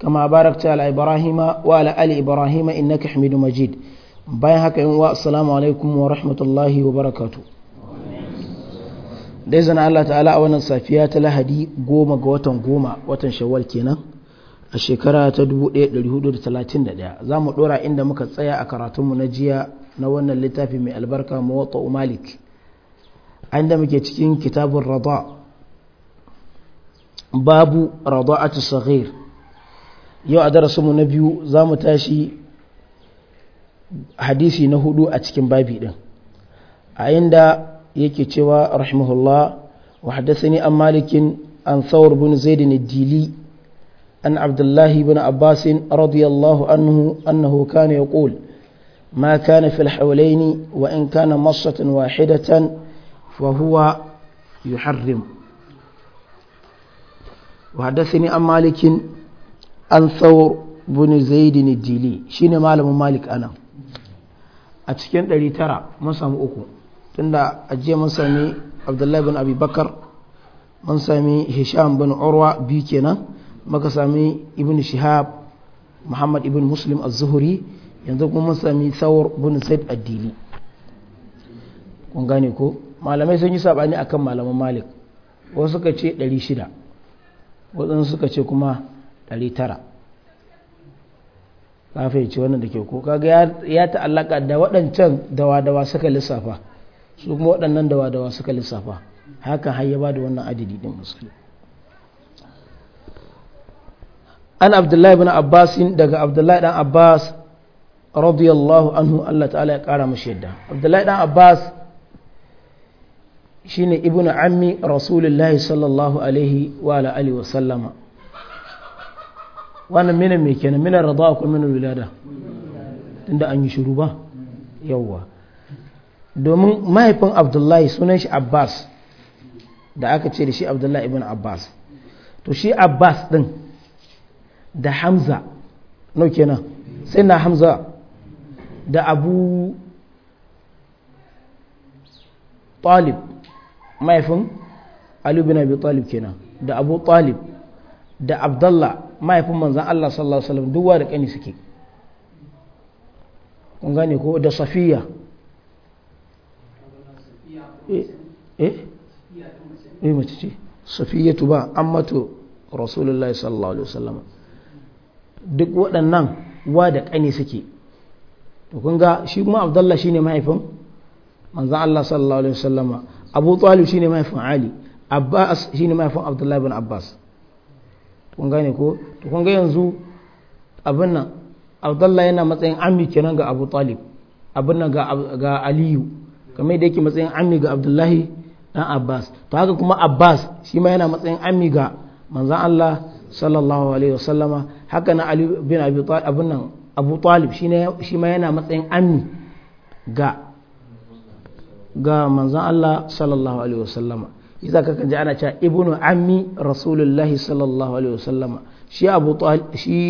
كما باركت على إبراهيم وعلى آل إبراهيم إنك حميد مجيد bayan haka yin wa assalamu alaikum wa rahmatullahi wa barakatu da izina Allah ta'ala a wannan safiya ta lahadi goma ga watan goma watan shawwal kenan a shekara ta 1431 za mu dora inda muka tsaya a karatunmu na jiya na wannan littafi mai albarka mawata malik inda muke cikin kitabun rada babu rada'atu saghir yau a darasinmu na biyu za mu tashi hadisi na hudu a cikin babi din a inda yake cewa rahimahullah wa haddasani an malikin an thawar bin zaidin dili an abdullahi bin abbasin radiyallahu anhu annahu kana kana ما كان wa الحولين kana كان wahidatan واحدة فهو يحرم وحدثني عن مالك an tsawar zaidi zaidin dili shine malamin malik anan a cikin 900 mun sami uku tunda ajiye mun sami abdullahi bin abubakar mun sami hisham bin urwa biyu kenan maka sami ibn shihab muhammad ibn muslim az zuhuri yanzu kuma mun sami thawr buni said ad-dili kun gane ko malamai sun yi sabani akan malamin malik wasu suka ce 600 wadansu suka ce kuma 900 ka fahimci wannan da ke ko kaga ya ta'allaka da waɗancan dawa-dawa suka lissafa su kuma waɗannan dawa-dawa suka lissafa haka har ya ba da wannan adadi din musulmi an abdullahi bin abbas daga abdullahi dan abbas radiyallahu anhu Allah ta'ala ya kara mashi yadda abdullahi dan abbas shine ibnu ammi rasulullahi sallallahu alaihi wa alihi wa sallama wannan mina mai kenan mina rada akwai mina wilada tunda an yi shiru ba yawwa domin mahaifin abdullahi sunan shi abbas da aka ce da shi abdullahi ibn abbas to shi abbas din da hamza nau kenan sai na hamza da abu talib mahaifin ali bi talib kenan da abu talib da abdullah mahaifin manzan Allah sallallahu alaihi wasallam duk da kani suke kun gane ko da safiya eh eh, eh mace ce safiyatu ba mato rasulullah sallallahu alaihi wasallam duk waɗannan wa da kani suke to kun ga shi kuma shi shine mahaifin manzan Allah sallallahu alaihi wasallam abu talib shine mahaifin ali abbas shine mahaifin abdullahi bin abbas kun gane ko to kun ga yanzu abin nan abdullahi yana matsayin ammi kenan ga abu talib abin nan ga aliyu kamar da yake matsayin ammi ga abdullahi dan abbas to haka kuma abbas shi ma yana matsayin ammi ga manzan allah sallallahu alaihi wasallama haka na ali bin abi talib abin nan abu talib shi ma yana matsayin ammi ga ga manzan allah sallallahu alaihi wasallama iza ka kanji ana cewa ibnu ammi rasulullahi sallallahu alaihi wasallama shi abu shi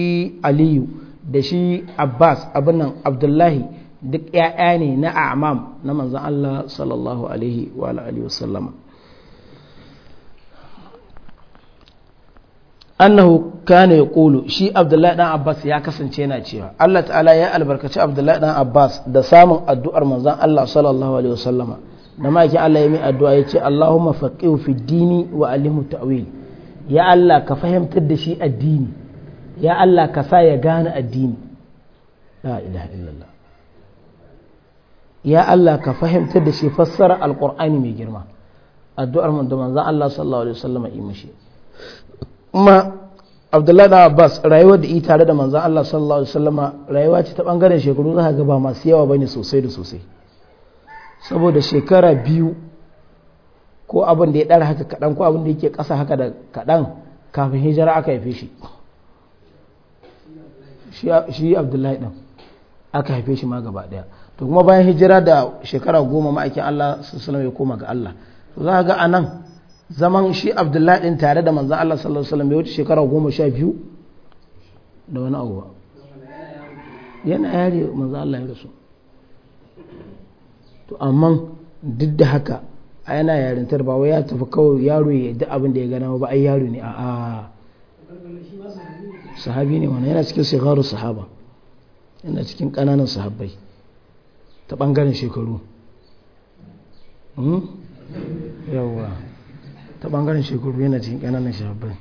aliyu da shi abbas abin nan abdullahi duk ƴaƴa ne na amam na manzan Allah sallallahu alaihi wa alihi wasallama annahu kana kulu shi abdullahi dan abbas ya kasance yana cewa Allah ta'ala ya albarkaci abdullahi dan abbas da samun addu'ar manzan Allah sallallahu alaihi wasallama da ma'aikin Allah ya mai addu'a ya ce Allahumma faqihu fi dini wa alimu ta'wil ya Allah ka fahimtar da shi addini ya Allah ka sa ya gane addini la ilaha illallah ya Allah ka fahimtar da shi fassara alqur'ani mai girma addu'ar mun da manzon Allah sallallahu alaihi wasallam yi mishi kuma Abdullahi da Abbas rayuwar da yi tare da manzon Allah sallallahu alaihi wasallam rayuwa ce ta bangaren shekaru za ga ba masu yawa bane sosai da sosai saboda shekara biyu ko abin da ya ɗara haka kaɗan ko abin da yake ƙasa haka da kaɗan kafin hijira aka haife shi shi abdullahi ɗin aka haife shi ma gaba ɗaya to kuma bayan hijira da shekara goma ma'aikin allah sassalam ya koma ga allah to za ga a nan zaman shi abdullahi ɗin tare da manzan allah sallallahu alaihi ya wuce shekara goma sha biyu da wani abu yana yare manzan allah ya rasu to amma duk da haka a yana yarintar ba wai ya tafi kawai yaro ya duk abin da ya gana ba ai yaro ne a'a sahabi ne wani yana cikin sigaru sahaba yana cikin ƙananan sahabbai ta ɓangaren shekaru hmm? yawa ta bangaren shekaru yana cikin ƙananan sahabbai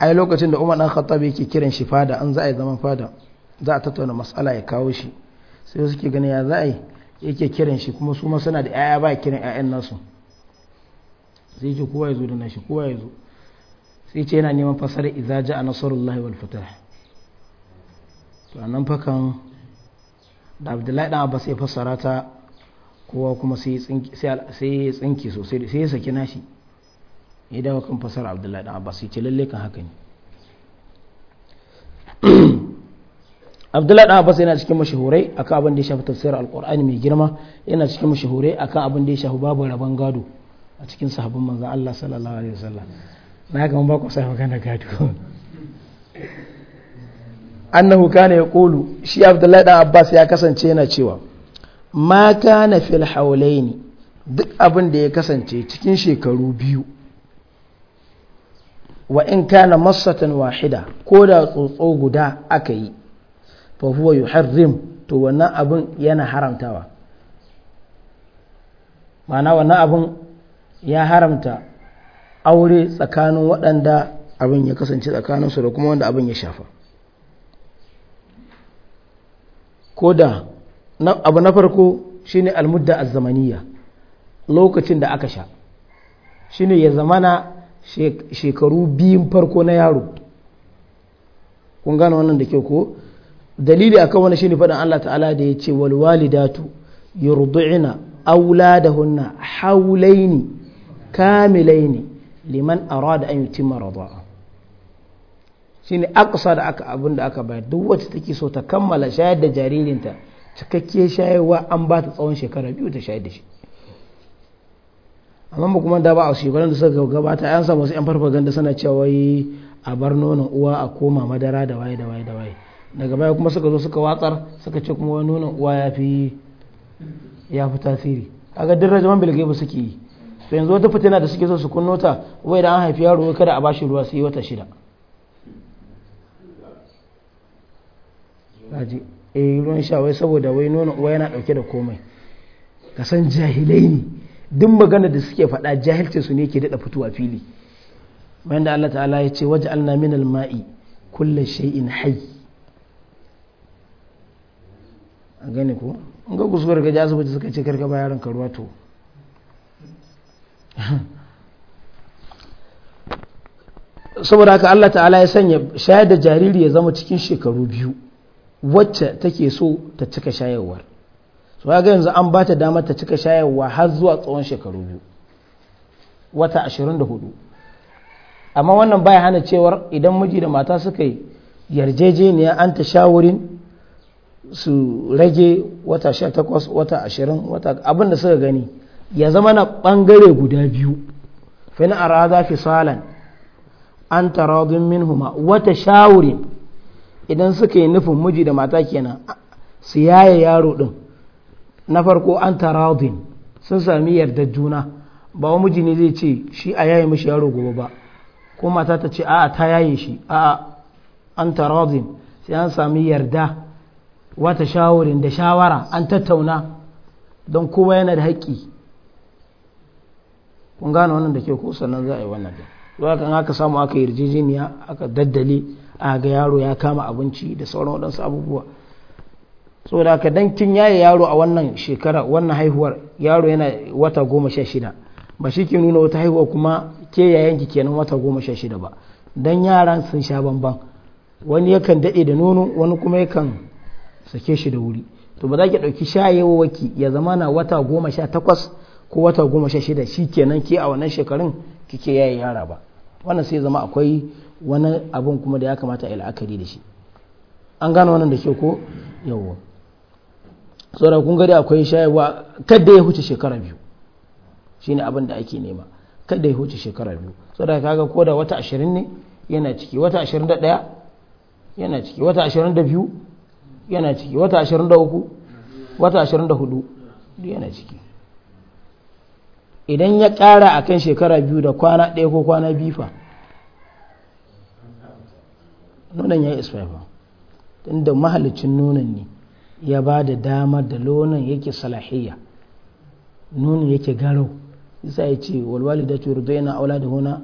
ai lokacin da umar ɗan khattab yake kiran shi fada an za a yi zaman fada za a tattauna matsala ya kawo shi sai suke gani ya za a yi yake kiran shi kuma su ma suna da 'ya'ya ba kiran 'ya'yan nasu sai ce kowa ya zo da nashi kowa ya zo sai ce yana neman fasara idza a nasarar wal fatah to anan fakan da Abdullahi dan Abbas ya fasara ta kowa kuma sai tsinki sai ya tsinki sosai sai ya saki nashi ya dawa kan fasara Abdullahi dan Abbas sai ce lalle kan haka ne abdullahi dan abbas yana cikin mashahurai akan abin da ya shafi tafsirar alqur'ani mai girma yana cikin mashahurai akan abin da ya shafi babu rabon gado a cikin sahabban manzon Allah sallallahu alaihi wasallam na ga mun ba ku sai magana gado annahu kana yaqulu shi abdullahi dan abbas ya kasance yana cewa ma kana fil haulaini duk abin da ya kasance cikin shekaru biyu wa in kana massatan wahida ko da tsotso guda aka yi fa huwa yuharrim to wannan abin yana haramtawa mana wannan abin ya haramta aure tsakanin waɗanda abin ya kasance tsakaninsu da kuma wanda abin ya shafa ko da abu na farko shine almudda azzamaniya lokacin da aka sha shine ya zamana shekaru biyun farko na yaro kun gane wannan da kyau ko dalili kan wani ne faɗin Allah ta'ala da ya ce wal walidatu yurdu'ina auladahunna haulaini kamilaini liman arada an yutimma rada'a shine aksa da aka abin da aka bayar duk wacce take so ta kammala shayar da jaririnta cikakke shayarwa an ba ta tsawon shekara biyu ta shayar da shi amma kuma da ba a su da suka gabata an samu wasu yan farfaganda suna cewa wai a bar nonon uwa a koma madara da waye da waye da waye daga baya kuma suka zo suka watsar suka ce kuma wani nunan uwa ya fi ya fi tasiri kaga duk zaman bilgai ba suke yi to yanzu wata fitina da suke so su kunno ta wai da an haifi yaro kada a bashi ruwa sai wata shida kaji eh ruwan sha wai saboda wai nuna uwa yana dauke da komai ka san jahilai ne duk magana da suke faɗa jahilcin su ne ke daɗa fitowa fili wanda Allah ta'ala ya ce waje alna al ma'i kullu shay'in hayy an gani ko in ga kusurwar ga jasu asibiti suka ce karka ba yaron ruwa to saboda haka Allah ta'ala ya sanya shayar da jariri ya zama cikin shekaru biyu wacce take so ta cika shayarwar so ya ga yanzu an ba ta damar ta cika shayarwa har zuwa tsawon shekaru biyu wata 24 amma wannan baya hana cewar idan miji da mata suka yi yarjejeniya an ta shawarin su rage wata sha takwas wata ashirin wata abin da suka gani ya zama na ɓangare guda biyu fina a raza fi salan an taradun min huma wata shawurin idan suka yi nufin miji da mata kenan su yaye yaro ɗin na farko an taradun sun sami yarda juna ba wa miji ne zai ce shi a yaye mishi yaro gobe ba ko mata ta ce a'a ta yaye shi a'a an taradun sai an sami yarda wata shawarin da shawara an tattauna don kowa yana da haƙƙi kun gane wannan da ke ko sannan za a yi wannan da zuwa kan aka samu aka yarjejeniya aka daddale a ga yaro ya kama abinci da sauran waɗansu abubuwa saboda da dan kin yaye yaro a wannan shekara wannan haihuwar yaro yana wata goma sha shida ba shi ke nuna wata haihuwa kuma ke ki kenan wata goma sha shida ba Don yaran sun sha bamban wani yakan daɗe da nono wani kuma yakan sake shi da wuri to ba za ki ɗauki shayewaki ya zama na wata goma sha takwas ko wata goma sha shida shi kenan ke a wannan shekarun kike yaye yara ba wannan sai zama akwai wani abun kuma da ya kamata a yi la'akari da shi an gano wannan da ke ko yawo saboda kun gari akwai shayarwa kada ya huce shekara biyu shine abin da ake nema kada ya huce shekara biyu saboda kaga ko da wata ashirin ne yana ciki wata ashirin da ɗaya yana ciki wata ashirin da biyu yana ciki wata 23 wata 24 yana ciki idan ya ƙara a kan shekara biyu da kwana ɗaya ko kwana biyu fa ya yi isfaifa inda mahalicin nunan ne ya ba da damar da lonan yake salahiyya nunan yake garo isa ya ce walwali da curu zai yana aula da huna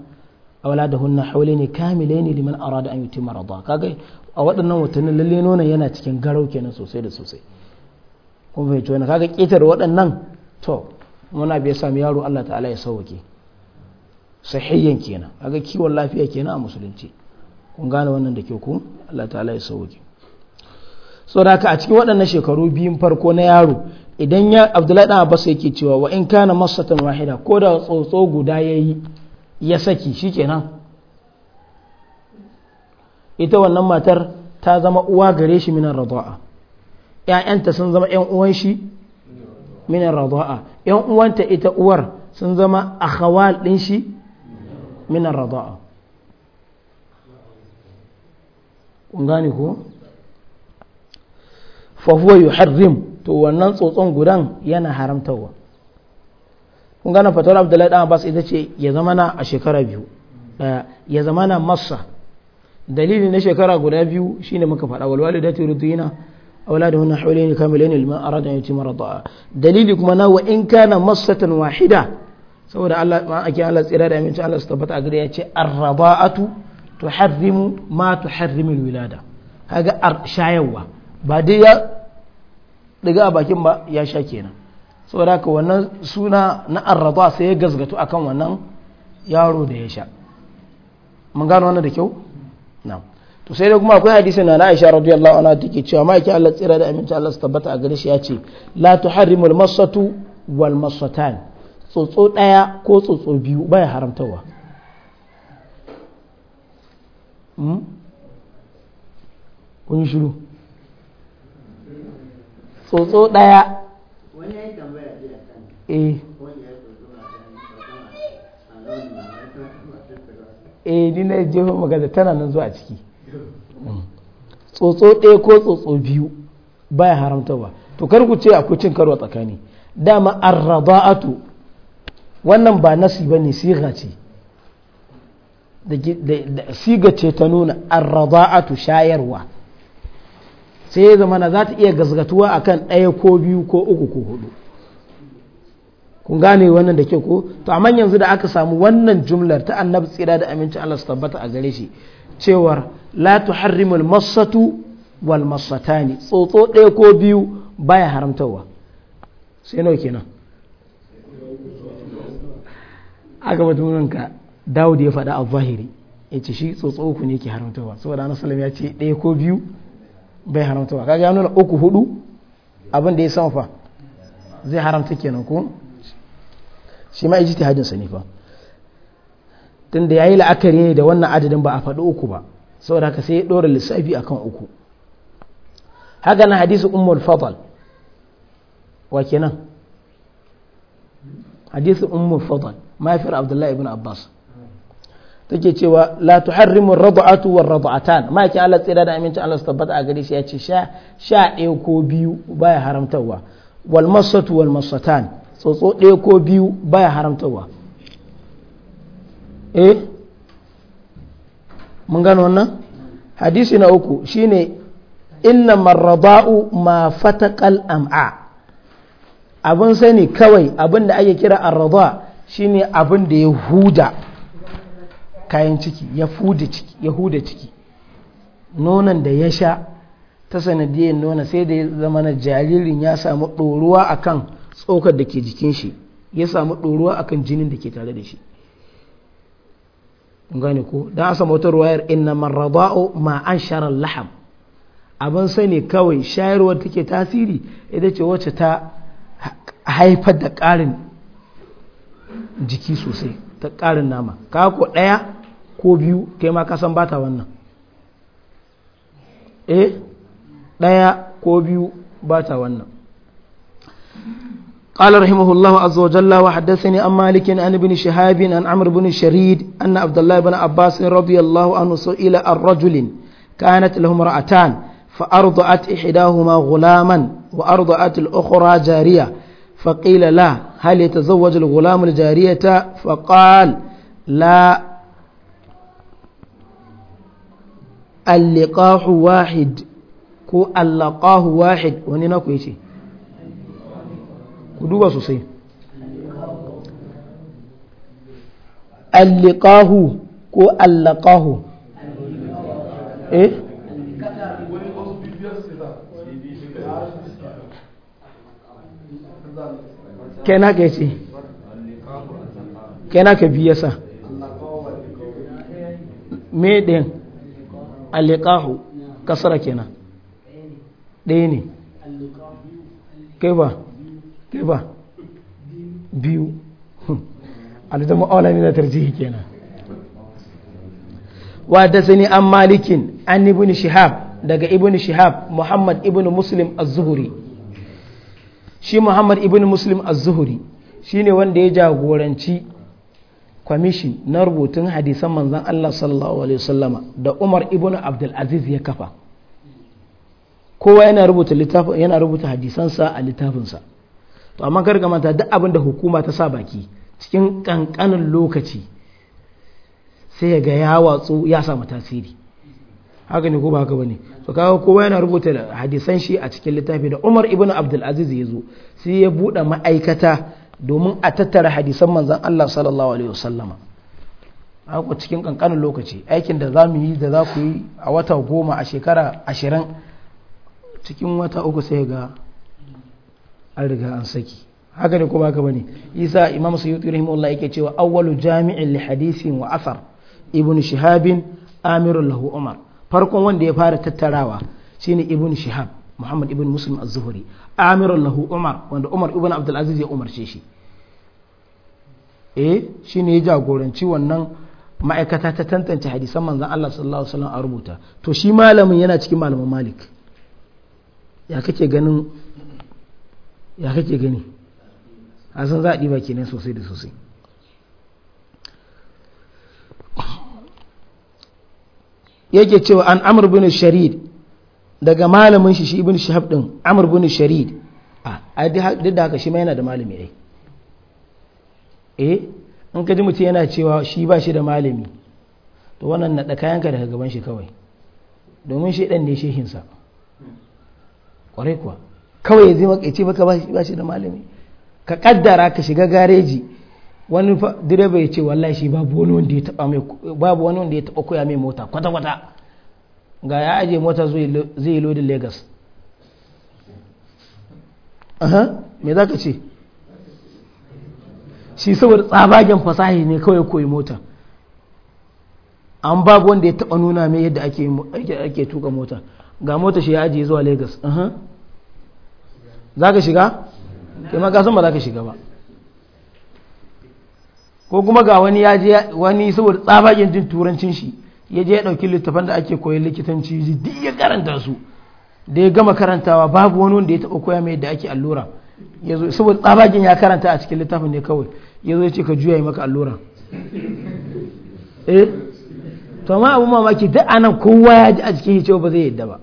aula da hunna haule ne kamile ne liman arada an yi timar da kagai a waɗannan watannin lalle nuna yana cikin garau kenan sosai da sosai kuma fahimci wani kaga ƙetar waɗannan to muna bai sami yaro Allah ta'ala ya sauwake sahiyan kenan kaga kiwon lafiya kenan a musulunci kun gane wannan da ke ku Allah ta'ala ya sauwake so da haka a cikin waɗannan shekaru biyun farko na yaro idan ya abdullahi ɗan abbas yake cewa wa in kana masatan wahida ko da tsotso guda ya yi ya saki shi shikenan ita wannan matar ta zama uwa gare shi minan radu'a ƴaƴanta sun zama ƴan uwan shi minan radu'a ƴan uwanta ita uwar sun zama akhawal din shi minan radu'a kun gane ko? huwa yuharrim to wannan tsotson gudan yana haramtawa kun gane fatar abdullahi dan abbas ita ce ya zama na a shekara biyu ya zama na masa dalilin na shekara guda biyu shine muka faɗa wal walidati yurdina awladu hunna hawlayni kamilayn lima arada an yutimma dalili kuma na wa in kana massatan wahida saboda Allah ma ake Allah tsira da aminci Allah su tabbata a gare ya ce arraba'atu tuharrimu ma tuharrimu alwilada kaga shayarwa ba dai ya daga a bakin ba ya sha kenan saboda haka wannan suna na arraba sai ya gazgatu akan wannan yaro da ya sha mun gano wannan da kyau na'am to sai dai kuma akwai hadisi na Aisha radiyallahu anha take cewa ma yake Allah tsira da aminci Allah su tabbata a gare shi ya ce la tuharrimul masatu wal masatan tsotso daya ko tsotso biyu baya haramtawa hmm? kun yi shiru tsotso daya eh eh ni na jefa magana tana nan zuwa ciki mm. tsotso ɗaya ko tsotso biyu baya haramta ba to kar ku ce akwai cin karo tsakani dama arraba'atu wannan ba nasi ba ne siga ce siga ce ta nuna arraba'atu shayarwa sai ya zama na za ta iya gazgatuwa akan ɗaya ko biyu ko uku ko hudu kun gane wannan da ke ko to amma yanzu da aka samu wannan jumlar ta annabi tsira da aminci Allah su tabbata a gare shi cewar la tuharrimul masatu wal masatani tsotso ɗaya ko biyu baya haramtawa sai nawa kenan aka mutumin ka Dawud ya faɗa a zahiri ya ce shi tsotso uku ne ke haramtawa saboda annabi sallam ya ce ɗaya ko biyu bai haramtawa kaga ya nuna uku hudu abin da ya sama fa zai haramta kenan ko shi ma yi sa ne fa ya yi la'akari ne da wannan adadin ba a faɗi uku ba saboda haka sai ya ɗora lissafi akan uku haka na hadisi Umar fadl wa kenan hadisi Umar fadl mahaifiyar abdullahi ibn abbas take cewa la tuharrimu rabu'atu war rad'atan ma yake Allah tsira da aminci Allah su tabbata a gare shi ya ce sha sha ɗaya ko biyu baya haramtarwa wal masatu wal masatan tsotso ɗaya ko biyu baya haramtarwa eh mun gano wannan hadisi na uku shine inna marrada'u ma fatakal am'a abin sani kawai abin da ake kira arrada shine abin da ya huda kayan ciki ya ciki ya huda ciki nonon da ya sha ta sanadiyar nona sai da ya zama na jaririn ya samu ɗoruwa akan tsokar da ke jikin shi ya samu ɗoruwa kan jinin da ke tare da shi kun gane ko da an samu wata ruwayar inna marrada'u ma an sharar laham abin sani kawai shayarwar take tasiri ita ce wacce ta haifar da ƙarin jiki sosai ta ƙarin nama kako ɗaya ko biyu kai ma kasan bata wannan eh? ɗaya ko biyu bata wannan قال رحمه الله عز وجل وحدثني عن مالك عن ابن شهاب عن عمرو بن شريد أن عبد الله بن عباس رضي الله عنه سئل عن رجل كانت له امرأتان فأرضعت إحداهما غلاما وأرضعت الأخرى جارية فقيل له هل يتزوج الغلام الجارية فقال لا اللقاح واحد كو اللقاه واحد ونينا كويتي ku duba sosai allikahu ko allakahu eh kena ke ce kena ka biya sa allikahu kasara kenan ɗaya ne kai ba kai ba biyu hm. aljamu aula ne na tarjihi kenan wa da sani an malikin an ibn shihab daga ibn shihab muhammad ibn muslim az-zuhri shi muhammad ibn muslim az-zuhri ne wanda ya jagoranci kwamishin na rubutun hadisan manzan Allah sallallahu alaihi wasallama da Umar ibn Abdul Aziz ya kafa kowa yana rubuta littafin yana rubuta hadisansa a littafinsa to amma kar ka manta duk abin da hukuma ta sa baki cikin kankanin lokaci sai ya ga ya watsu ya samu tasiri haka ne ko ba haka ba to kawo kowa yana rubuta hadisan shi a cikin littafi da umar ibn abdulaziz ya zo sai ya buɗe ma'aikata domin a tattara hadisan manzon allah sallallahu alaihi wasallama haka cikin kankanin lokaci aikin da za yi da za ku yi a wata goma a shekara ashirin cikin wata uku sai ga an riga an saki haka ne ko baka bane isa imam suyuti rahimahullah yake cewa awwalu jami'in li hadisin wa athar ibnu shihabin amirul lahu umar farkon wanda ya fara tattarawa shine ibn shihab muhammad ibn muslim az-zuhri amirul lahu umar wanda umar ibn abdul aziz ya umarce shi eh shine ya jagoranci wannan ma'aikata ta tantance hadisan manzon Allah sallallahu alaihi wasallam a rubuta to shi malamin yana cikin malamin malik ya kake ganin ya kake gani a san za a ɗiba kenan sosai da sosai yake cewa an amur bin sharid daga malamin shi shi ibn shahab din amur bin sharid a duk da haka shi ma yana da malami ai eh in ka ji mutum yana cewa shi ba shi da malami to wannan naɗa kayanka daga gaban shi kawai domin shi ɗan ne shehinsa ƙwarai kuwa kawai zai maka ce maka ba shi da malami ka kaddara ka shiga gareji wani direba ya ce wallahi shi babu wani wanda ya taba koya mai mota kwata kwata ga ya aje mota zai yi lodin Lagos aha za ka ce shi saboda tsabagen fasahi ne kawai koyi mota an babu wanda ya taba nuna mai yadda ake tuka mota ga mota shi ya ajiye zuwa Lagos za ka shiga? kai ma kasan ba za ka shiga ba ko kuma ga wani ya je wani saboda tsabagen jin turancin shi ya je ya ɗauki littafan da ake koyi likitanci ji ya karanta su da ya gama karantawa babu wani wanda ya taɓa koya mai yadda ake allura saboda tsabagen ya karanta a cikin littafin ne kawai ya zo ya ce ka juya yi maka allura eh to amma abu mamaki duk anan kowa ya ji a cikin hicewa ba zai yadda ba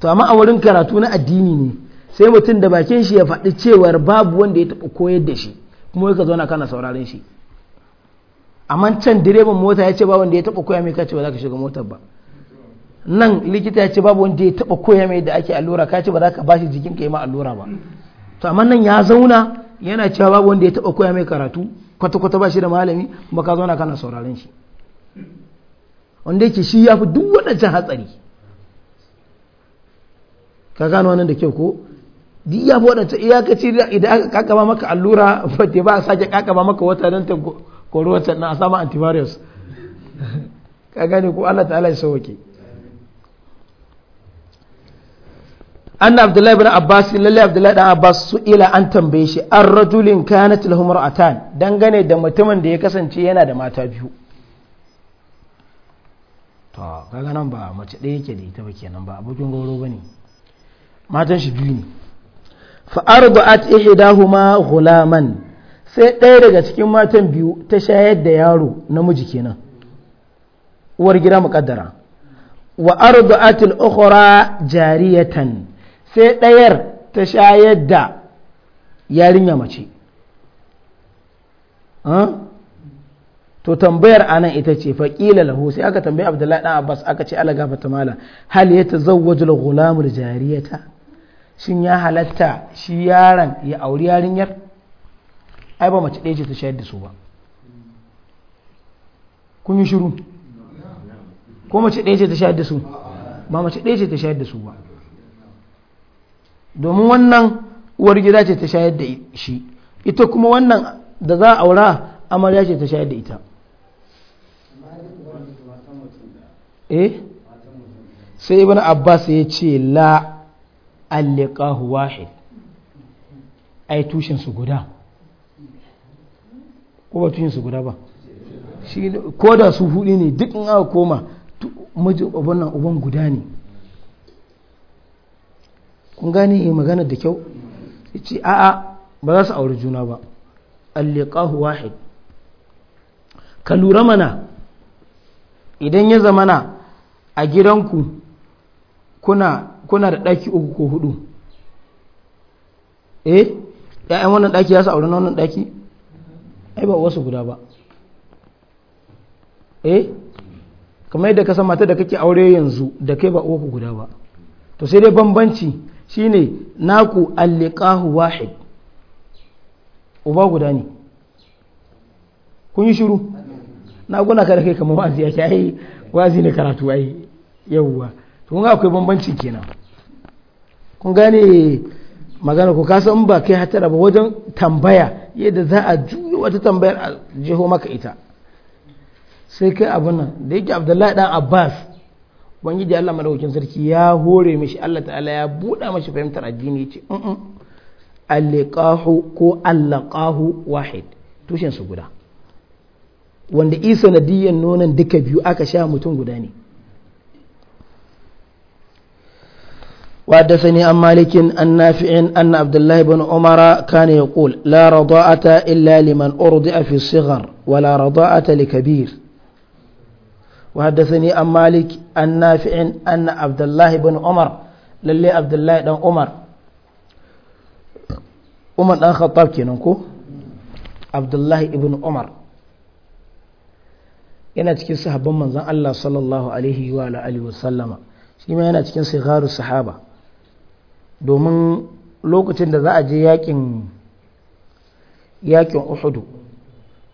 to amma a wurin karatu na addini ne sai mutum da bakin shi ya faɗi cewar babu wanda ya taɓa koyar da shi kuma ka zauna kana sauraron shi amma can direban mota ya ce ba wanda ya taɓa koya mai kace ba za ka shiga motar ba nan likita ya ce babu wanda ya taɓa koya mai da ake allura ka ce ba za ka bashi jikin ka yi ma allura ba to amma nan ya zauna yana cewa babu wanda ya taɓa koya mai karatu kwata-kwata ba shi da malami kuma ka zauna kana sauraron shi wanda yake shi ya fi duk waɗancan hatsari ka gano wannan da kyau ko duk ya fi waɗanta iyakaci idan aka kakaba maka allura fate ba a sake kakaba maka wata don ta kori wata na a sama antivirus ka gani ko Allah ta'ala ya sauke anna abdullahi bin abbas lalle abdullahi dan abbas su ila an tambaye shi an rajulin kanat lahum ra'atan dangane da mutumin da ya kasance yana da mata biyu to kaga nan ba mace ɗaya yake da ita ba kenan ba abokin gauro bane matan shi biyu ne fa'ardu'at ihdahuma gulaman, sai ɗaya daga cikin matan biyu ta shayar da yaro namiji kenan uwar gida muƙaddara wa ardu'at al-ukhra jariyatan sai ɗayar ta shayar da yarinya mace to tambayar anan ita ce faƙila lahu sai aka tambayi abdullahi dan abbas aka ce ala gafata mala hal ya zawwajul ghulamul jariyata shin ya halatta shi yaron ya auri yarinyar ai ba mace ɗaya ce ta shayar da su ba kun yi shiru ko mace ɗaya ce ta shayar da su ba mace ɗaya ce ta shayar da su ba domin wannan uwar gida ce ta shayar da shi ita kuma wannan da za a aura amarya ce ta shayar da ita eh sai ibn abbas ya ce la alliqahu wahid ai tushen su guda ko ba tushen guda ba ko da su hudu ne duk in aka koma miji uban nan uban guda ne kun gane eh, magana da kyau ce a'a ba za su auri juna ba alliqahu wahid ka lura mana idan ya zamana a gidanku kuna kuna da ɗaki uku ko hudu eh ya'yan wannan ɗaki ya su auri na wannan ɗaki ai ba wasu guda ba eh kamar yadda ka san mata da kake aure yanzu da kai ba uku guda ba to sai dai bambanci shine naku alliqahu wahid uba guda ne kun yi shiru na guna ka da kai kamar wazi ya ai wazi ne karatu ai yawwa tun ga akwai bambanci kenan kun gane magana ku kasa in ba kai hatara ba wajen tambaya yadda za a juyo wata tambayar a jiho maka ita sai kai abin nan da yake abdullahi dan abbas wani da allah madaukakin sarki ya hore mishi allah ta'ala ya buɗa mashi fahimtar addini ya ce alliqahu ko allaqahu wahid tushen su guda wanda isa nadiyan nonon duka biyu aka sha mutum guda ne وحدثني عن مالك عن نافع أن عبد الله بن عمر كان يقول لا رضاءة إلا لمن أرضع في الصغر ولا رضاءة لكبير وحدثني عن مالك عن نافع أن عبد الله بن عمر للي عبد الله بن عمر عمر بن الخطاب كينكو عبد الله بن عمر yana cikin sahabban manzon Allah sallallahu alaihi wa alihi wa sallama shi ma yana cikin sigharu sahaba domin lokacin da za a je yakin yakin uhudu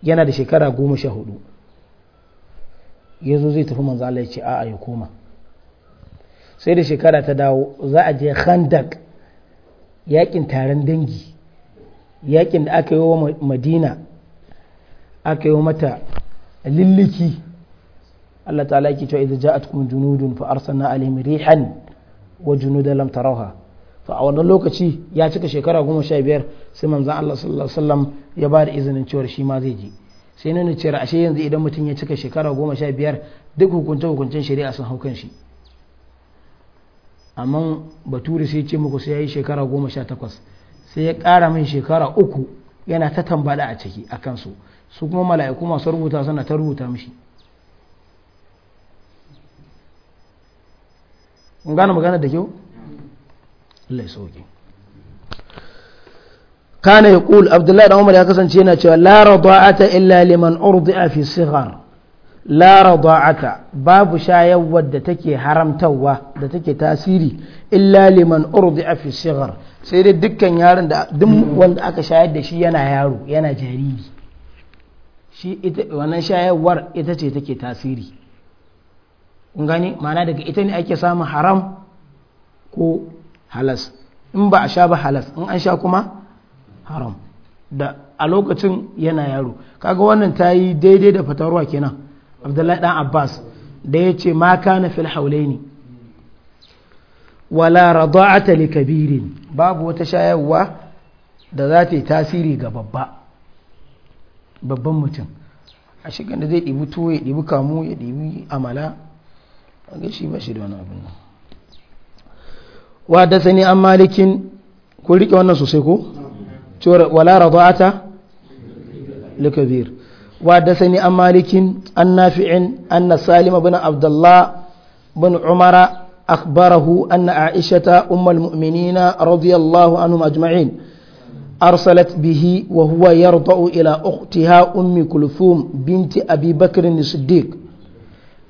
yana da shekara goma sha hudu ya zai tafi manzo Allah ya ce a ya koma sai da shekara ta dawo za a je khandak yakin taron dangi yakin da aka yi wa madina aka yi wa mata lilliki Allah ta'ala ce cewa idza ja'atkum junudun fa arsalna alaihim rihan wa junudan lam tarawha to a wannan lokaci ya cika shekara goma sha biyar sai manzan Allah sallallahu alaihi wasallam ya ba da izinin cewar shi ma zai je sai ni cewa ashe yanzu idan mutum ya cika shekara goma sha biyar duk hukunce hukuncen shari'a sun hau kan shi amma bature sai ya ce muku sai ya yi shekara goma sha takwas sai ya kara min shekara uku yana ta tambada a ciki a kansu su kuma mala'iku masu rubuta suna ta rubuta mishi kun gane magana da kyau Allah ya sauke kana abdullahi da umar ya kasance yana cewa la rada'ata illa liman urdi'a fi sighar la rada'ata babu shayarwar da take haramtawa da take tasiri illa liman urdi'a fi sighar sai dai dukkan yaron da duk wanda aka shayar da shi yana yaro yana jariri shi ita wannan shayarwar ita ce take tasiri kun gani ma'ana daga ita ne ake samun haram ko halas in ba a sha ba halas in an sha kuma haram da a lokacin yana yaro kaga wannan ta yi daidai da fatarwa kenan abdullahi dan abbas da ya ce ma kana fil haulaini wala rada'ata li kabirin babu wata shayarwa da za ta yi tasiri ga babba babban mutum a da zai ɗibi tuwo ya ɗibi kamu ya ɗibi amala a gashi ba shi da wani abin nan wa da tsani an malikin ko riƙe wannan sosai ko? salima bin abdullah bin umara akbarahu an na aisha ta umar mu'minina radiyallahu anhu majma'in arsalat bihi wa huwa yarda'u ila ukhtiha ummi kulfum binti abi bakr as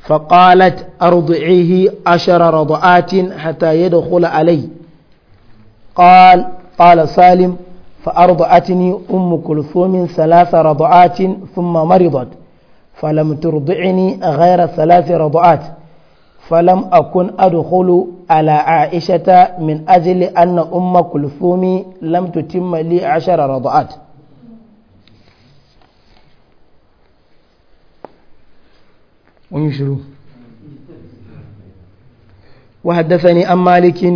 فقالت أرضعيه عشر رضعات حتى يدخل علي قال قال سالم فأرضعتني أم كلثوم ثلاث رضعات ثم مرضت فلم ترضعني غير ثلاث رضعات فلم أكن أدخل على عائشة من أجل أن أم كلثوم لم تتم لي عشر رضعات mun shiru wa haddathani an malikin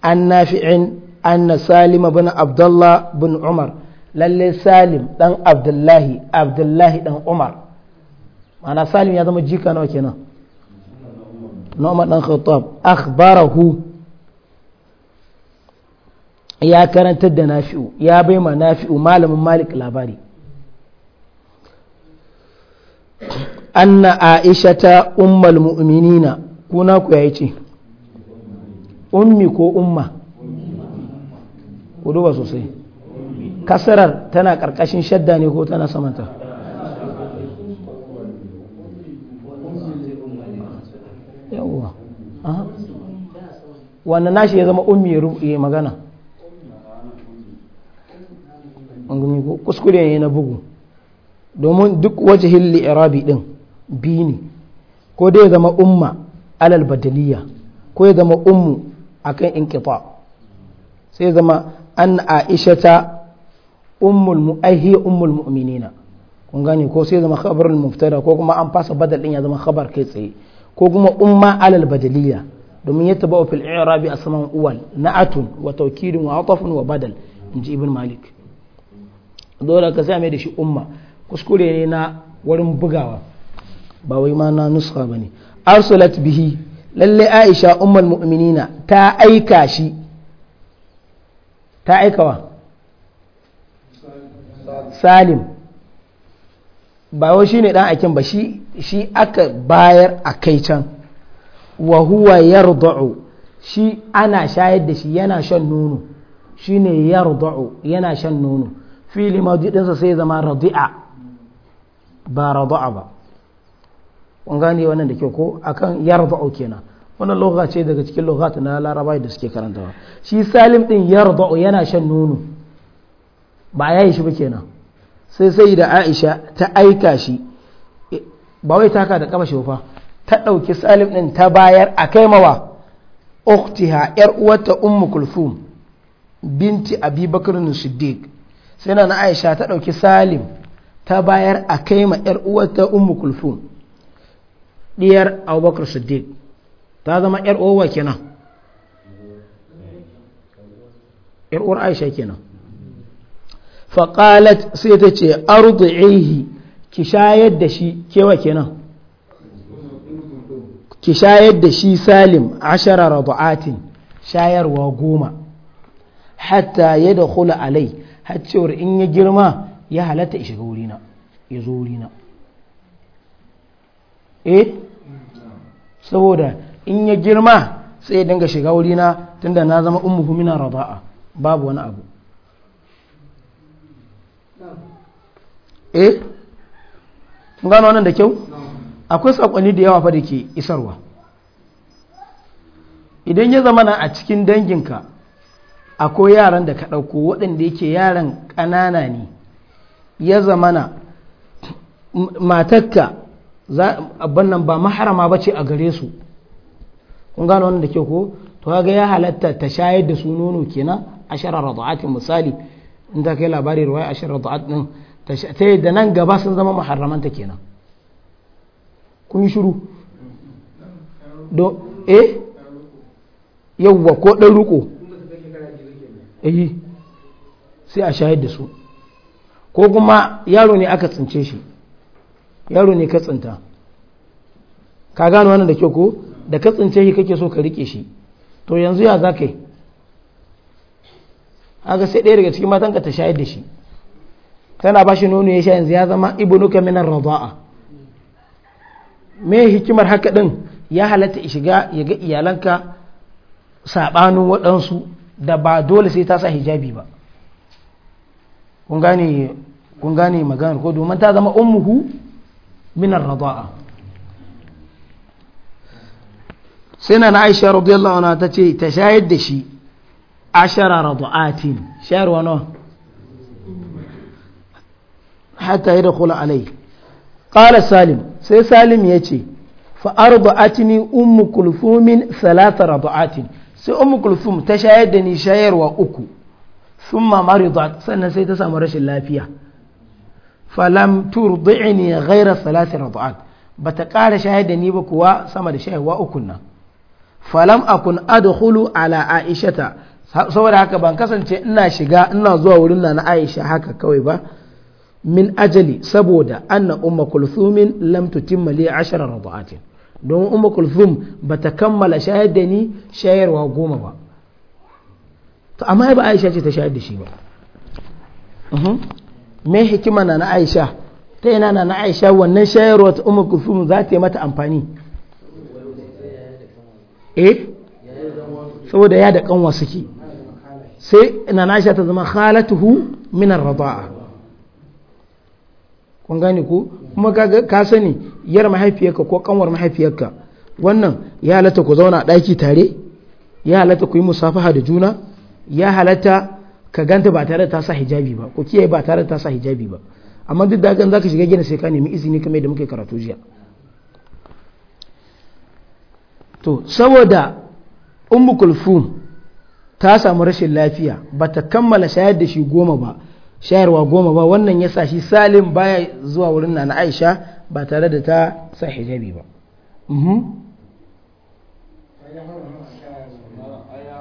an nafi'in anna salim bin abdullah bin umar lalle salim dan abdullahi abdullahi dan umar salim ya zama jika nawa kenan na umar dan khattab akhbarahu ya karantar da nafi'u ya bai ma nafi'u malamin malik labari anna ta ummal mu'minina kuna ku yayi ce ummi ko umma ku duba sosai kasarar tana ƙarƙashin shadda ne ko tana samanta yawwa wannan nashi ya zama ummi ya magana kuskure ne na bugu domin duk wajihin li'irabi din biyu ko dai ya zama umma alal badaliya ko ya zama ummu akan inqita sai zama an ta ummul mu'ahi ummul mu'minina kun gane ko sai zama khabarul muftara ko kuma an fasa badal din ya zama khabar kai tsaye ko kuma umma alal badaliya domin ya taba fil i'rabi asman uwal na'atun wa tawkidun wa atafun wa badal inji ibn malik dole ka sai mai da shi umma kuskure ne na wurin bugawa ba wai ma na ba ne, arsalat bihi lalle aisha ummul mu'minina ta aika shi ta aika wa. salim ba wai shine dan akin ba shi shi aka bayar a kai can wa huwa yardu'u shi ana shayar da shi yana shan nono shine yardu'u yana shan nono fili mawjidinsa sai zama radi'a ba radu'a ba kun gane wannan da ke ko akan yarda'u kenan wannan lugha ce daga cikin lughat na larabai da suke karantawa shi salim din yarda'u yana shan nono ba ya yi shi ba kenan sai sai da aisha ta aika shi e, ba wai taka da kama shofa ta ɗauki salim din ta bayar a kai mawa uktiha yar uwarta ummu kulthum binti abubakar siddiq sai na aisha ta ɗauki salim ta bayar a kai ma yar uwarta ummu kulthum diyar abubakar siddiq ta zama yar owa kenan yar uwar aisha kenan faƙalat sai ta ce ardu'ihi ki shayar da shi kewa kenan ki shayar da shi salim ashara rabu'atin shayarwa goma hatta ya da hula alai cewar in ya girma ya halatta shiga wurina ya zo wurina eh saboda in ya girma sai ya dinga shiga wurina tunda na zama un mina rada'a babu wani abu eh kun gano wannan da kyau akwai sakonni da yawa fa da ke isarwa idan ya zama na a cikin danginka akwai yaran da ka ɗauko waɗanda yake yaran ƙanana ne ya zama na matakka abban nan ba maharama ba ce a gare su kun gano wannan da ke ko to ga ya halatta ta shayar da su nono kenan a misali in ta yi labari ruwaya ashara rada'at din ta da nan gaba sun zama maharamanta kenan kun yi shiru do eh yawwa ko ɗan ruko eh sai a shayar da su ko kuma yaro ne aka tsince shi yaro ne ka tsinta ka gano wannan da ke ko da ka tsince shi kake so ka rike shi to yanzu ya za ka yi haka sai ɗaya daga cikin ka ta shayar da shi tana ba shi nono ya sha yanzu ya zama ka minar rada'a me hikimar haka ɗin ya halatta shiga ya ga iyalanka saɓanin waɗansu da ba dole sai ta sa hijabi ba kun gane maganar ko domin ta zama ummuhu min ar-rada'a sai na Aisha radiyallahu anha ta ce ta shayar da shi ashara rada'atin shayarwa nawa hatta ya dakula alai salim sai salim ya ce fa arda'atni ummu kulfumin thalatha rada'atin sai ummu kulfum ta shayar da ni shayarwa uku sannan sai ta samu rashin lafiya falam turdi'ni ghayra salasi ba bata ƙara shayar da ni ba kuwa sama da shayarwa ukun nan falam akun adkhulu ala aishata saboda haka ban kasance ina shiga ina zuwa wurin na aisha haka kawai ba min ajali saboda anna umma kulthumin lam tutimma li 10 rad'atin don umma kulthum bata kammala shayar da ni shayarwa goma ba to amma ba aisha ce ta shayar da shi ba mhm. me hikima na na aisha ta yana na na aisha wannan shayarwa ta umar kulsum za ta yi mata amfani eh saboda ya da kanwa suke sai na na aisha ta zama halatuhu minar raba'a kun gane ko kuma ka sani yar mahaifiyarka ko kanwar mahaifiyarka wannan ya halatta ku zauna ɗaki tare ya halatta ku yi musafaha da juna ya halatta ka ganta ba tare da ta sa hijabi ba ko kiyaye ba tare da ta sa hijabi ba amma duk da hakan zaka shiga gina sai ka nemi izini kamar da muke karatu jiya to saboda ummu kulfum ta samu rashin lafiya ba ta kammala shayar da shi goma ba shayarwa goma ba wannan ya sa shi salim baya zuwa wurin nana aisha ba tare da ta sa hijabi ba mhm.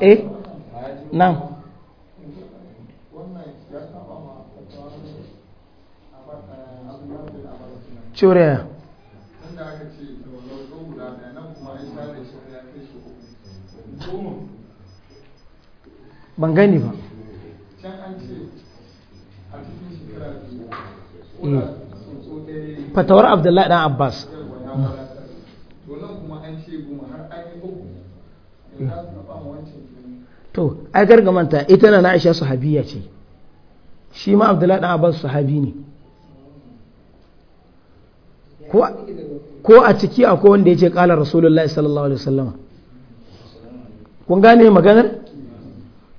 eh nan cewar ban gani ba hmm. fatawar abdullahi dan abbas hmm. to ai gargamanta ita na na aisha sahabiya ce shi ma abdullahi dan abbas sahabi ne ko a ciki akwai wanda ya ce ƙala rasulullahi sallallahu alaihi wasallama kun gane maganar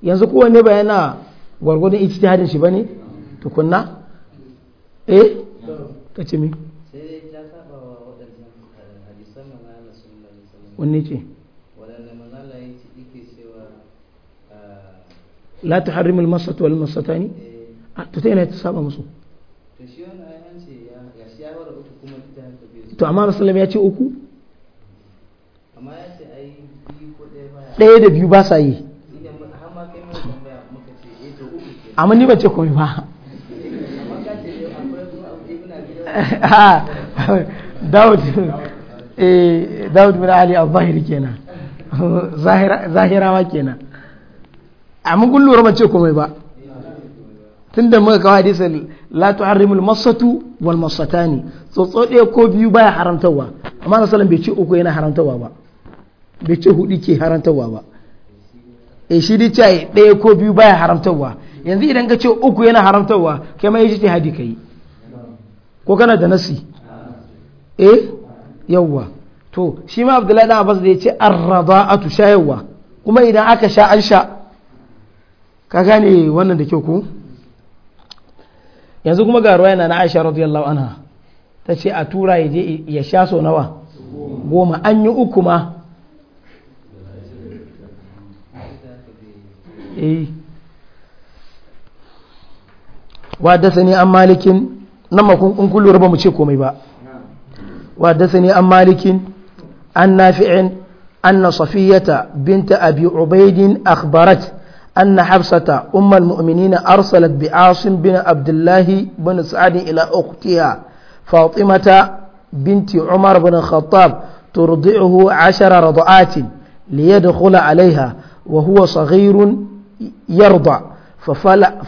yanzu kowanne ba yana gwargwadon hadin shi ba ne, tukunna eh ka ce mi wani ce la ta harimul masatu wal masatani ah, a sai yana ta saba musu to shi wannan to amma rasulullah ya ce uku ɗaya da biyu ba sa yi eh, amma ni ba ce ba Dawud amma ba ce komai ba tunda muka kawo hadisin la tuharrimul masatu wal masatani tsotso ɗaya ko biyu baya haramtawa amma na sallan bai ce uku yana haramtawa ba bai ce hudu ke haramtawa ba eh shi dai ce ɗaya ko biyu baya haramtawa yanzu idan ka ce uku yana haramtawa kai ma yaji hadi kai ko kana da nasi eh yawwa to shi ma abdullahi dan abbas da yace ar arrada'atu shayarwa kuma idan aka sha an sha ka gane wannan da kyau ko yanzu kuma ga ruwa yana na aisha radiyallahu anha ta ce a tura ya ya sha so nawa goma an uku ma eh. wa dasa ne an malikin nan makon kullura ba mu ce komai ba wa dasa ne an malikin an nafi'in an safiyata binta abi ubaidin akhbarat أن حفصة أم المؤمنين أرسلت بعاصم بن عبد الله بن سعد إلى أختها فاطمة بنت عمر بن الخطاب ترضعه عشر رضعات ليدخل عليها وهو صغير يرضع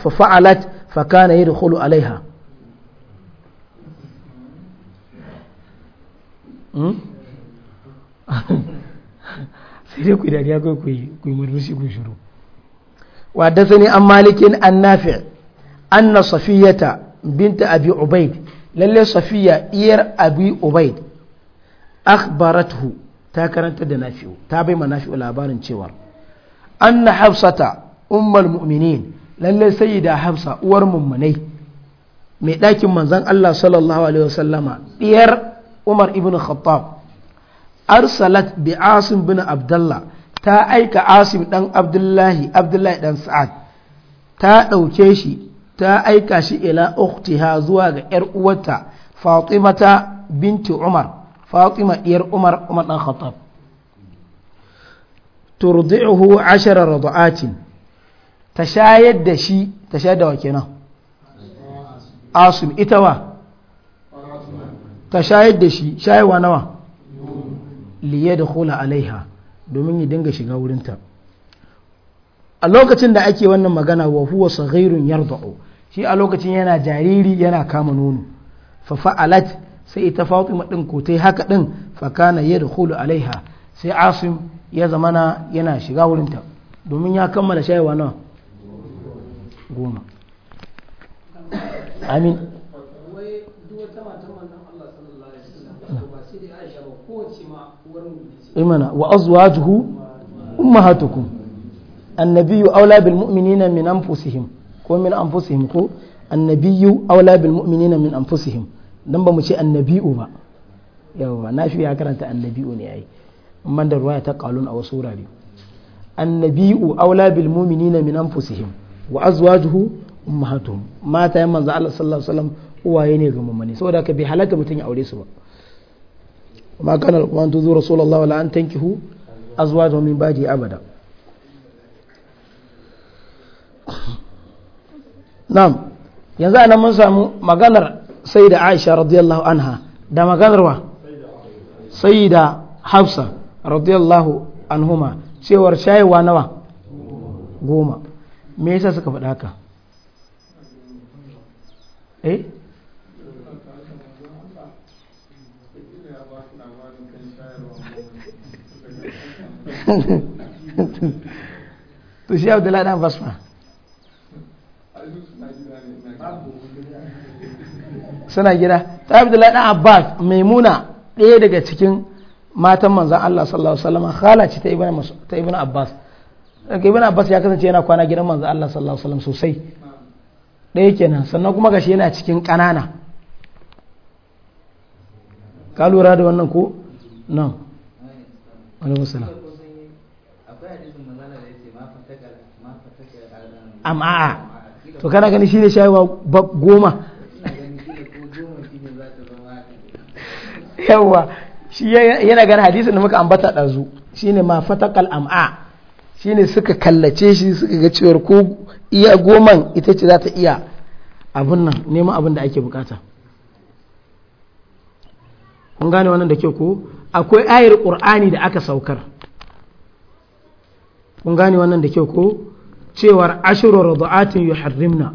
ففعلت فكان يدخل عليها sai dai ku dariya kai ku yi murmushi وحدثني عن مالك عن نافع أن صفية بنت أبي عبيد للي صفية إير أبي عبيد أخبرته تاكرنت دنافع تابع منافع الأبار تشور أن حفصة أم المؤمنين للي سيدة حفصة ورم مني mai ɗakin manzan Allah sallallahu Alaihi wasallama ɗiyar Umar ibn Khattab arsalat bi Asim bin Abdullah ta aika asim ɗan abdullahi abdullahi ɗan sa'ad ta ɗauke shi ta aika shi ila uktiha zuwa ga ‘yar uwarta ta binti umar fatima ɗiyar umar umar ɗan khattab turdi'uhu ashara rada'atin ta shayar da shi ta shayar da wa kenan asim ita wa ta shayar da shi shayarwa nawa liya da hula alaiha domin ya dinga shiga wurinta a lokacin da ake wannan magana wa huwa saghirun yarda'u shi a lokacin yana jariri yana kama nono fa fa'alat sai ita Fatima din ko tai haka din fa kana yadkhulu alaiha sai Asim ya zamana yana shiga wurinta domin ya kammala shayarwa nawa goma amin wai duk matan Allah sallallahu alaihi wasallam ba sai da Aisha ba ma wurin imana wa azwajuhu ummahatukum annabiyyu aula bil mu'minina min anfusihim ko min anfusihim ko annabiyyu aula bil mu'minina min anfusihim dan ba mu ce annabiyu ba yawa nafi ya karanta annabiyu ne yayi amma da ruwaya ta qalun a wasu wurare annabi'u aula bil mu'minina min anfusihim wa azwajuhu ummahatuhum mata yan manzo Allah sallallahu alaihi wasallam uwaye ne ga mummuni saboda ka bai halaka mutun ya aure su ba ma kana alquran أن تذوا رسول الله ولا أن تنكحوا أزواجهم من بعده أبدا yanzu anan mun samu maganar sayyida aisha radiyallahu anha da maganar wa sayyida hafsa radiyallahu anhuma cewar shayarwa nawa goma me yasa suka faɗa haka eh to shi abdullahi dan basma suna gida ta da dan abbas mai muna ɗaya daga cikin matan manzan allah sallallahu alaihi wasallam ce ta ibn abbas ibn abbas ya kasance yana kwana gidan manzan allah sallallahu alaihi wasallam sosai ɗaya kenan sannan kuma gashi yana cikin ƙanana ka lura da wannan ko nan wani musulun am'a to kana gani ne shayarwa goma yawa shi yana gani hadisin da muka ambata ɗazu ne ma fatakal am'a ne suka kallace shi suka ga cewar ko iya goman ita ce za ta iya abin nan neman abin da ake bukata kun gane wannan da ke ko akwai ayar ƙur'ani da aka saukar kun gane wannan da kyau ko cewar ashirar ashiru yi yuharrimna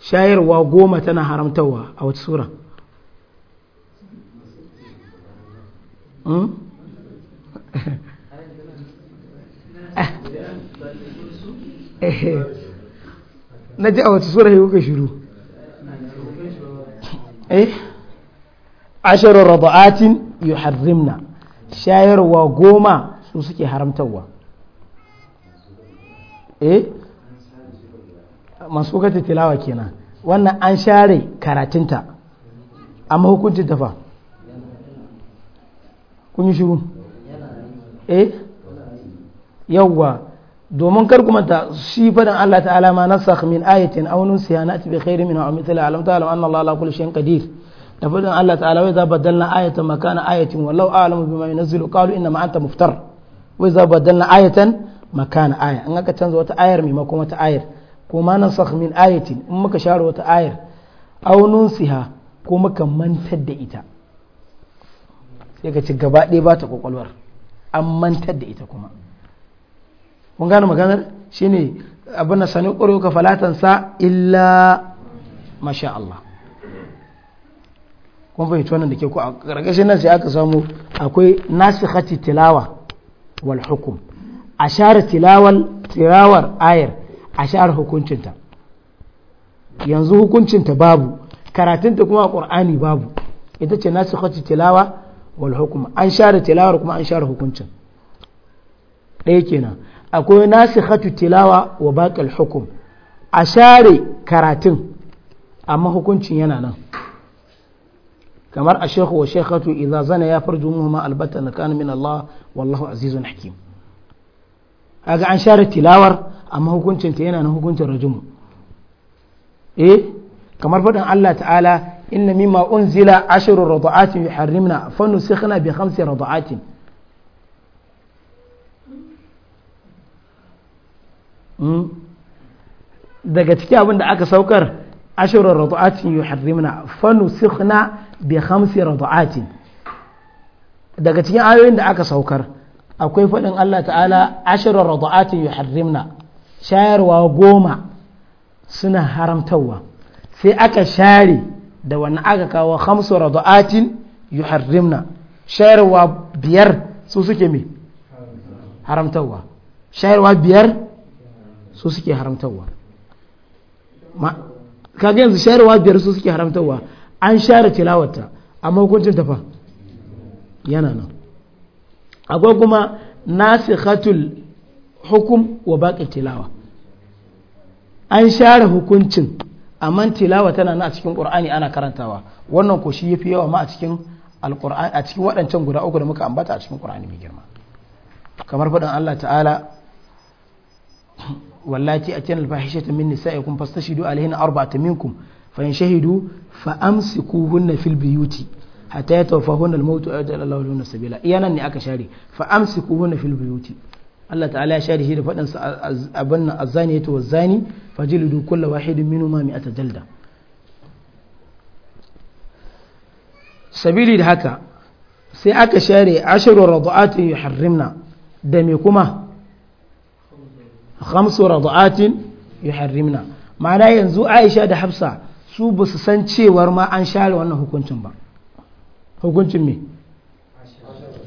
shayarwa goma tana haramtawa a wata sura hmm? na ji a wata sura yi kuka shiru ashirar eh? ashiru yi yuharrimna shayarwa goma su suke haramtawa eh masu kuka tilawa kenan wannan an share karatunta amma ta fa kun yi shiru eh yawwa domin kar kuma ta shi fadan Allah ta'ala ma nasakh min ayatin aw nunsiha na'ti bi khairin min aw mithla alam ta'lam anna Allah la kulli shay'in qadir da fadan Allah ta'ala wa idza badalna ayatan makana ayatin wallahu a'lamu bima yunzilu qalu inna ma anta muftar wa idza badalna ayatan makana aya in aka canza wata ayar maimakon wata ayar ko ma nasakh min ayatin in muka share wata ayar aw nunsiha ko muka mantar da ita sai ka ci gaba ɗaya ba ta kwakwalwar an mantar da ita kuma kun gane maganar shine abin da sani ƙwarewa ka sa illa masha Allah kun fahimci na da ke ku a nan sai aka samu akwai nasikhati tilawa wal hukum a share tilawar ayar a share hukuncinta yanzu hukuncinta babu karatunta kuma a ƙur'ani babu ita ce nasu kwaci tilawa wal hukuma an share tilawar kuma an share hukuncin ɗaya kenan akwai nasu hatu tilawa wa baƙal hukum a share karatun amma hukuncin yana nan kamar a shekhu wa shekhatu idan zana ya farji mu ma albata na min Allah wallahu azizun hakim kaga an share tilawar amma hukuncin ta yana na hukuncin rajumu eh kamar faɗin Allah ta'ala inna mimma unzila ashru hmm? rada'atin yuharrimna fa nusikhna bi khamsi rada'atin daga cikin abin da aka saukar ashru radu'atin yuharrimna fa sikhna bi khamsi radu'atin daga cikin ayoyin da aka saukar akwai faɗin Allah ta'ala ashirar rada'atin yuharrimna shayarwa goma suna haramtawa sai aka share da wani aka kawo hamsu rada'atin yuharrimna shayarwa biyar su suke me haramtarwa shayarwa biyar su suke ma kaga yanzu shayarwa biyar su suke haramtawa an share tilawarta amma hukuncin tafa yana nan akwai kuma nasihatul hukum wa baƙi tilawa an share hukuncin amma tilawa tana na a cikin ƙur'ani ana karantawa wannan ko shi ya fi yawa ma a cikin alƙur'ani a cikin waɗancan guda uku da muka ambata a cikin ƙur'ani mai girma kamar faɗin Allah ta'ala wallati atina alfahishata min nisa'ikum fastashidu arba arba'ata minkum fa in shahidu fa amsikuhunna fil biyuti hatta ya tawafahun al-mautu a yajal Allah luna sabila iya nan ne aka share fa amsikuhunna fil buyuti Allah ta'ala ya share shi da faɗin sa abin nan azani yato wazani fajlidu kullu wahidin minhuma mi'ata jalda sabili da haka sai aka share ashiru radu'atin yuharrimna da me kuma khamsu radu'atin yuharrimna ma'ana yanzu Aisha da Hafsa su ba su san cewar ma an share wannan hukuncin ba hukuncin mai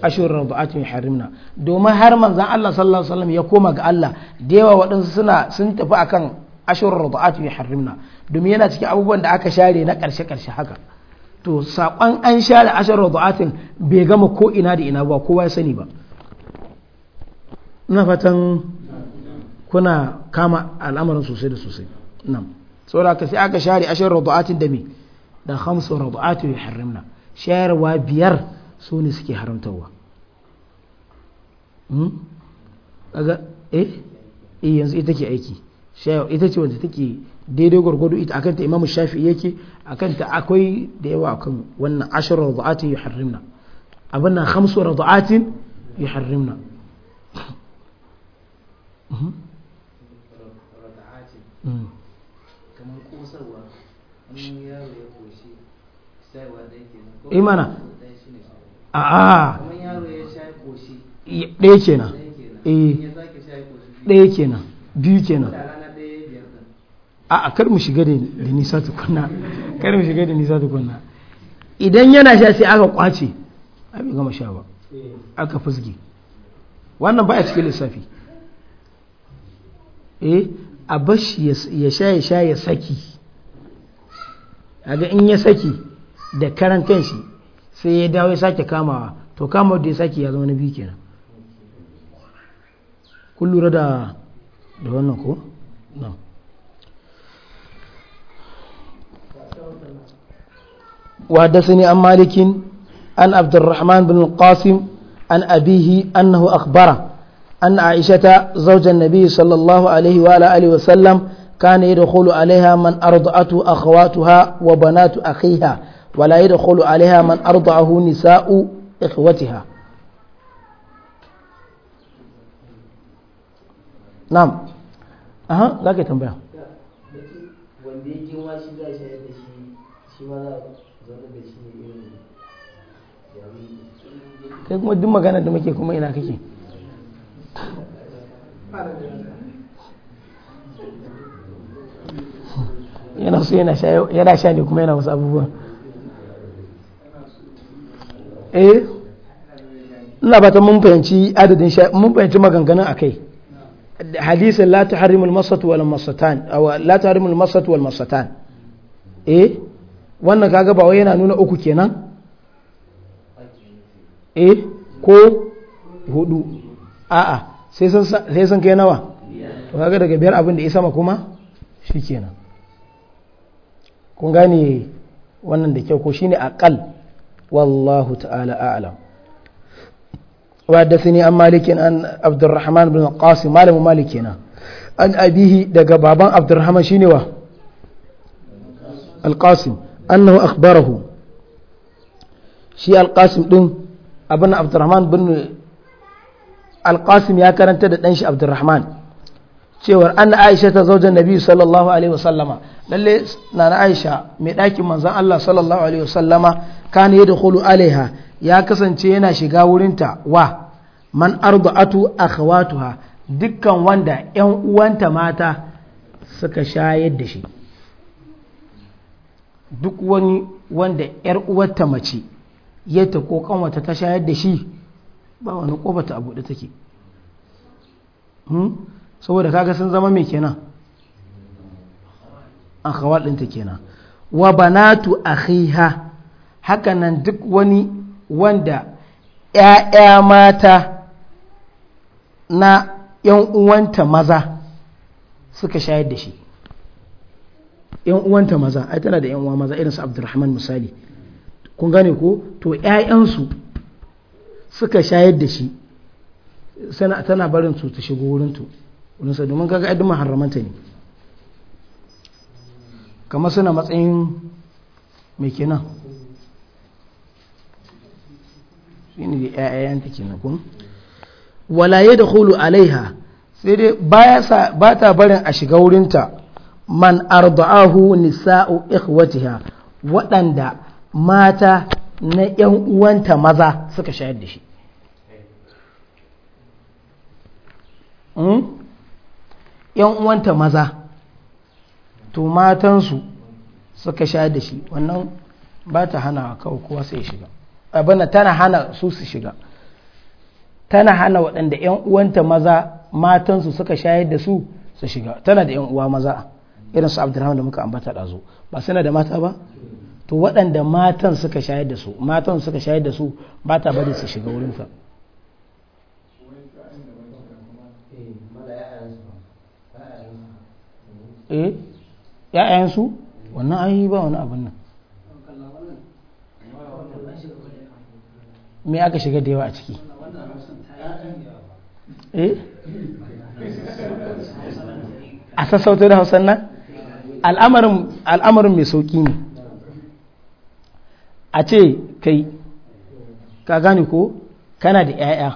ashirin cikin harimna domin har manzan Allah sallallahu alaihi wasallam ya koma ga Allah da yawa waɗansu suna sun tafi akan ashirin cikin harimna domin yana cikin abubuwan da aka share na ƙarshe ƙarshe haka to saƙon an share ashirin rabatin bai gama ko ina da ina ba kowa ya sani ba ina fatan kuna kama al'amarin sosai da sosai nan saboda ka sai aka share ashirin rabatin da mi da hamsin cikin harimna shayarwa biyar su ne suke haramtarwa hmm? eh? eh yanzu ita ke aiki ita ce wanda take daidai gwargwado ita akan ta imamu shafi yake akan ta akwai da yawa akan wannan ashirar rada'atin harimna abin nan hamsu rada'atin yuharrimna hmm? Hmm. kamar kosarwa yaro imana eh, a a ɗaya kenan eh. ɗaya kenan biyu kenan a a kar mu shiga da nisa tukunna kar mu shiga da nisa tukunna idan yana sha sai aka kwace a bai gama sha ba aka fusge wannan ba a cikin lissafi eh a bashi ya sha ya sha ya saki ga in ya saki da karantin shi sai ya dawo ya sake kamawa to kama da ya sake ya zama na biyu kenan kun lura da wannan ko? no wadda su ne an malikin an abdurrahman bin qasim an abihi annahu akhbara أن عائشة زوج النبي صلى الله عليه وآله وسلم كان يدخل wa من أرضأت أخواتها وبنات أخيها ولا يدخل عليها من أرضعه نساء إخوتها نعم أها لا تنبيه kai kuma duk magana da muke kuma ina kake yana so yana sha ne kuma yana wasu abubuwa eh ina ba ta mun fahimci adadin sha mun fahimci maganganun akai hadisi la tahrimul masat wal masatan aw la tahrimul masat wal masatan eh wannan kaga ba wai yana nuna uku kenan eh ko hudu a'a sai san sai san kai nawa to kaga daga biyar abin da ya sama kuma shikenan kun gane wannan da kyau ko shine aqal والله تعالى أعلم وحدثني عن مالك عن عبد الرحمن بن القاسم مالك مالكنا عن أبيه دقى بابان عبد الرحمن شنو القاسم أنه أخبره شي القاسم دون أبن عبد الرحمن بن القاسم يا كرنت دنش عبد الرحمن cewar an aisha ta zaujen nabi sallallahu alaihi wasallama lalle na na aisha mai ɗakin manzan Allah sallallahu alaihi wasallama kana yadkhulu alaiha ya kasance yana shiga wurinta wa man arda'atu akhawatuha dukkan wanda yan uwanta mata suka shayar da shi duk wani wanda yar uwarta mace yadda ko kanwata ta shayar da shi ba wani kofata a buɗe take hmm? saboda kaga sun zama mai kenan akhawat ɗinta kenan wa banatu akhiha hakanan duk wani wanda ‘ya'ya mata na ‘yan uwanta maza suka shayar da shi ‘yan uwanta maza ai tana da ‘yan uwa maza irinsu Abdurrahman misali kun gane ko to ‘ya'yansu suka shayar da shi tana barin su ta shigo wurinta wurinsa domin kaga ai haramanta ne kamar suna matsayin mai kenan shine da ƴaƴanta kenan kun wala yadkhulu alaiha sai dai baya sa ba ta barin a shiga wurinta man arda'ahu nisa'u ikhwatiha waɗanda mata na ƴan uwanta maza suka shayar da shi ‘yan hmm? uwanta maza to matansu suka shayar da shi wannan ba ta hana kawai kowa sai shiga abin tana hana su su shiga tana hana waɗanda 'yan uwanta maza matansu suka shayar da su su shiga tana da 'yan uwa maza irin su abdurrahman da muka ambata ɗazu ba suna da mata ba to waɗanda matan suka shayar da su matan suka shayar da su ba ta bari su shiga wurinsa eh ya'yansu wannan ayi ba wani abin nan me aka shiga da yawa a ciki e a sassauta da hausan nan al'amarin mai sauƙi ne a ce kai ka gane ko kana da 'ya'ya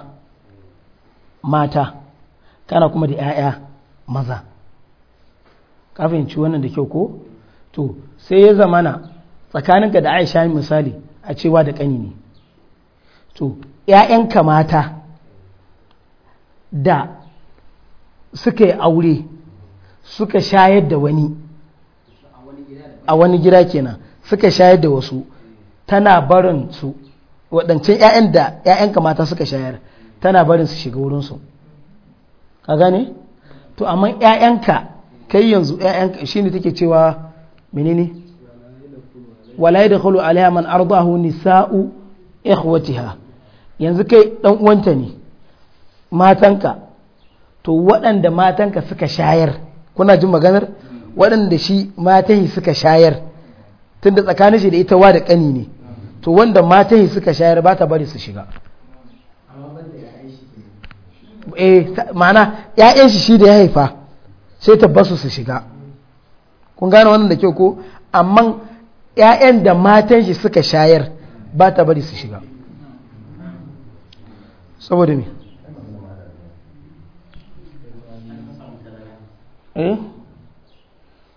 mata kana kuma da 'ya'ya maza kafin ci wannan da kyau ko to sai ya zamana tsakaninka da aisha misali a cewa da ƙani ne to ‘ya'yanka mata da suka yi aure suka shayar da wani a wani gida kenan suka shayar da wasu tana barin su waɗancan ‘ya'yan da ‘ya'yanka mata suka shayar tana barin su shiga wurinsu ka gane? to amma ‘ya'yanka kai yanzu ‘ya'yanka shi ne take cewa menene wala da kulu alaiha ardahu nisa'u ikhwatiha yanzu kai dan uwanta ne matanka to waɗanda matanka suka shayar kuna jin maganar waɗanda shi matahi suka shayar tunda tsakanin shi da ita wa da ƙani ne to wanda matahi suka shayar ba ta bari su shiga eh ma'ana ‘ya'yan shi shi da ya haifa sai ta basu su shiga kun gane wannan da kyau ko amma ‘ya'yan da matan shi suka shayar ba ta bari su shiga saboda ne. eh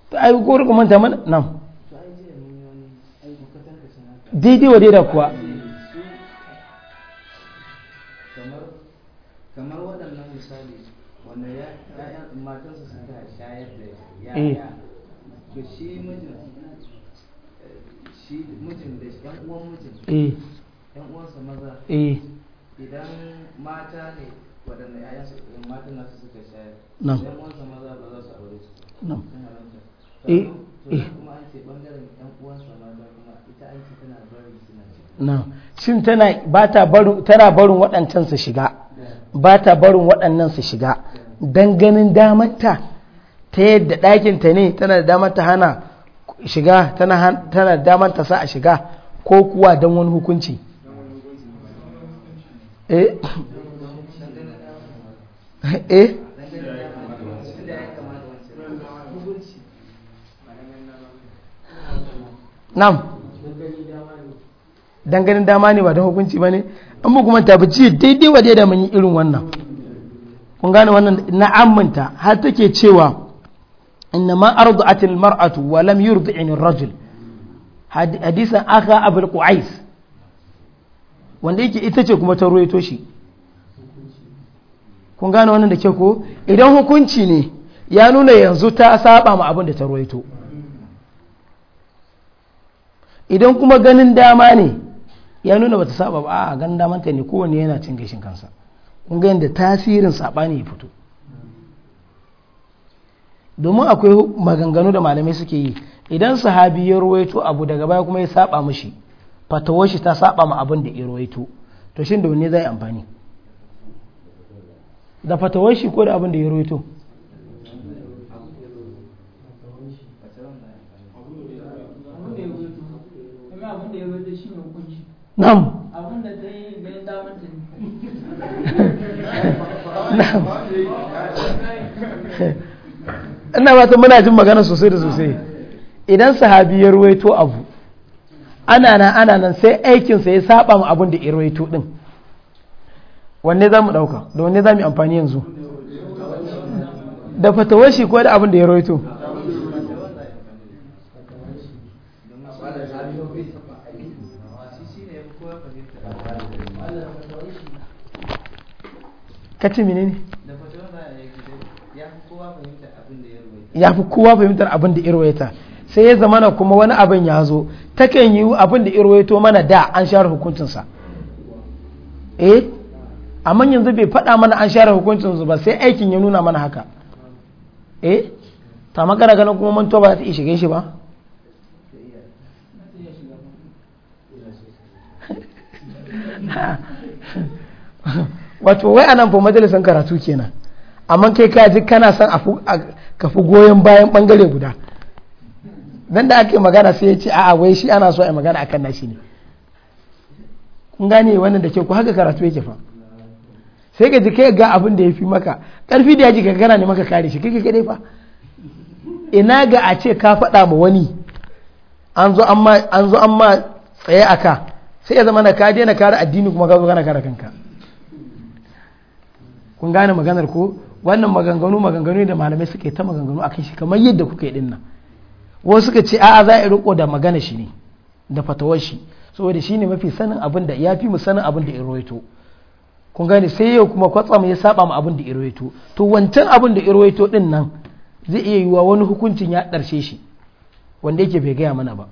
ta ai ko rika manta mana nan daidai wa daidai kuwa kamar waɗannan misali wanda ya shayar da yaya eh. to shi mijin shi mijin da ɗan uwan mijin eh. ɗan uwansa maza eh. idan mata ne waɗanda ya eh, suka shayar yan wansa maza ba za su aure su eh, eh kuma an ce yan uwansa maza kuma ita an ce tana barin suna nan shin tana ba ta barin tana barin waɗancan su shiga ba ta barin waɗannan su shiga dan ganin damarta ta yadda ɗakinta ne tana da damar ta hana shiga tana da damar ta sa a shiga ko kuwa don wani hukunci eh eh nam ganin dama ne ba don hukunci ba ne an bu kuma tabbaci daidai wa da mun yi irin wannan kun gane wannan na aminta har take cewa inna ma ardu atil mar'atu wa lam yurdi rajul hadisan aka abul qais wanda yake ita ce kuma ta ruwaito shi kun gane wannan da ke ko idan hukunci ne ya nuna yanzu ta saba ma abin da ta ruwaito idan kuma ganin dama ne ya nuna ba ta saba ba a ganin damanta ne kowane yana cin gashin kansa kun ga yadda tasirin ne ya fito domin akwai maganganu da malamai suke yi idan sahabi ya ruwaito abu daga baya kuma ya saba mishi fatawar shi ta saba ma abin da ya ruwaito to shin da wanne zai amfani da fatawar shi ko da abin da ya roito nam ina ba muna jin magana sosai da sosai idan sahabi ya ruwaito abu ana nan ana nan sai aikinsa ya saba ma abin da ya ruwaito din wanne za mu ɗauka da wanne za mu amfani yanzu da fatawar shi ko da abin da ya roito kacin mini ne ya fi kowa fahimtar abin da irwaita sai ya zamana kuma wani abin ya zo takan yi abin da irwaito mana da an share hukuncinsa eh amma yanzu bai faɗa mana an share hukuncin su ba sai aikin ya nuna mana haka eh ta makara ganin kuma mantuwa ba ta shige shi ba wato wai anan fa majalisan karatu kenan amma kai ka ji kana son ka fi goyon bayan bangare guda dan da ake magana sai ya ce a'a wai shi ana so a magana akan nashi ne kun gane wannan da ke ku haka karatu yake fa sai ka ji kai ga abin da ya fi maka karfi da yaji gagara ne maka kare shi kai kai fa ina ga a ce ka faɗa ma wani an zo an ma tsaye a ka sai ya zama na ka daina kare addini kuma ka zo kana kare kanka kun gane maganar ko wannan maganganu maganganu da malamai suke ta maganganu akan shi kamar yadda kuka yi wasu suka ce a'a za a yi riko da magana shi ne da fatawar shi saboda shi ne mafi sanin abin da ya fi mu sanin abin da in roito kun gane sai yau kuma kwatsam ya saba ma abin da irwaito to wancan abin da irwaito din nan zai iya yiwa wani hukuncin ya ɗarshe shi wanda yake bai gaya mana ba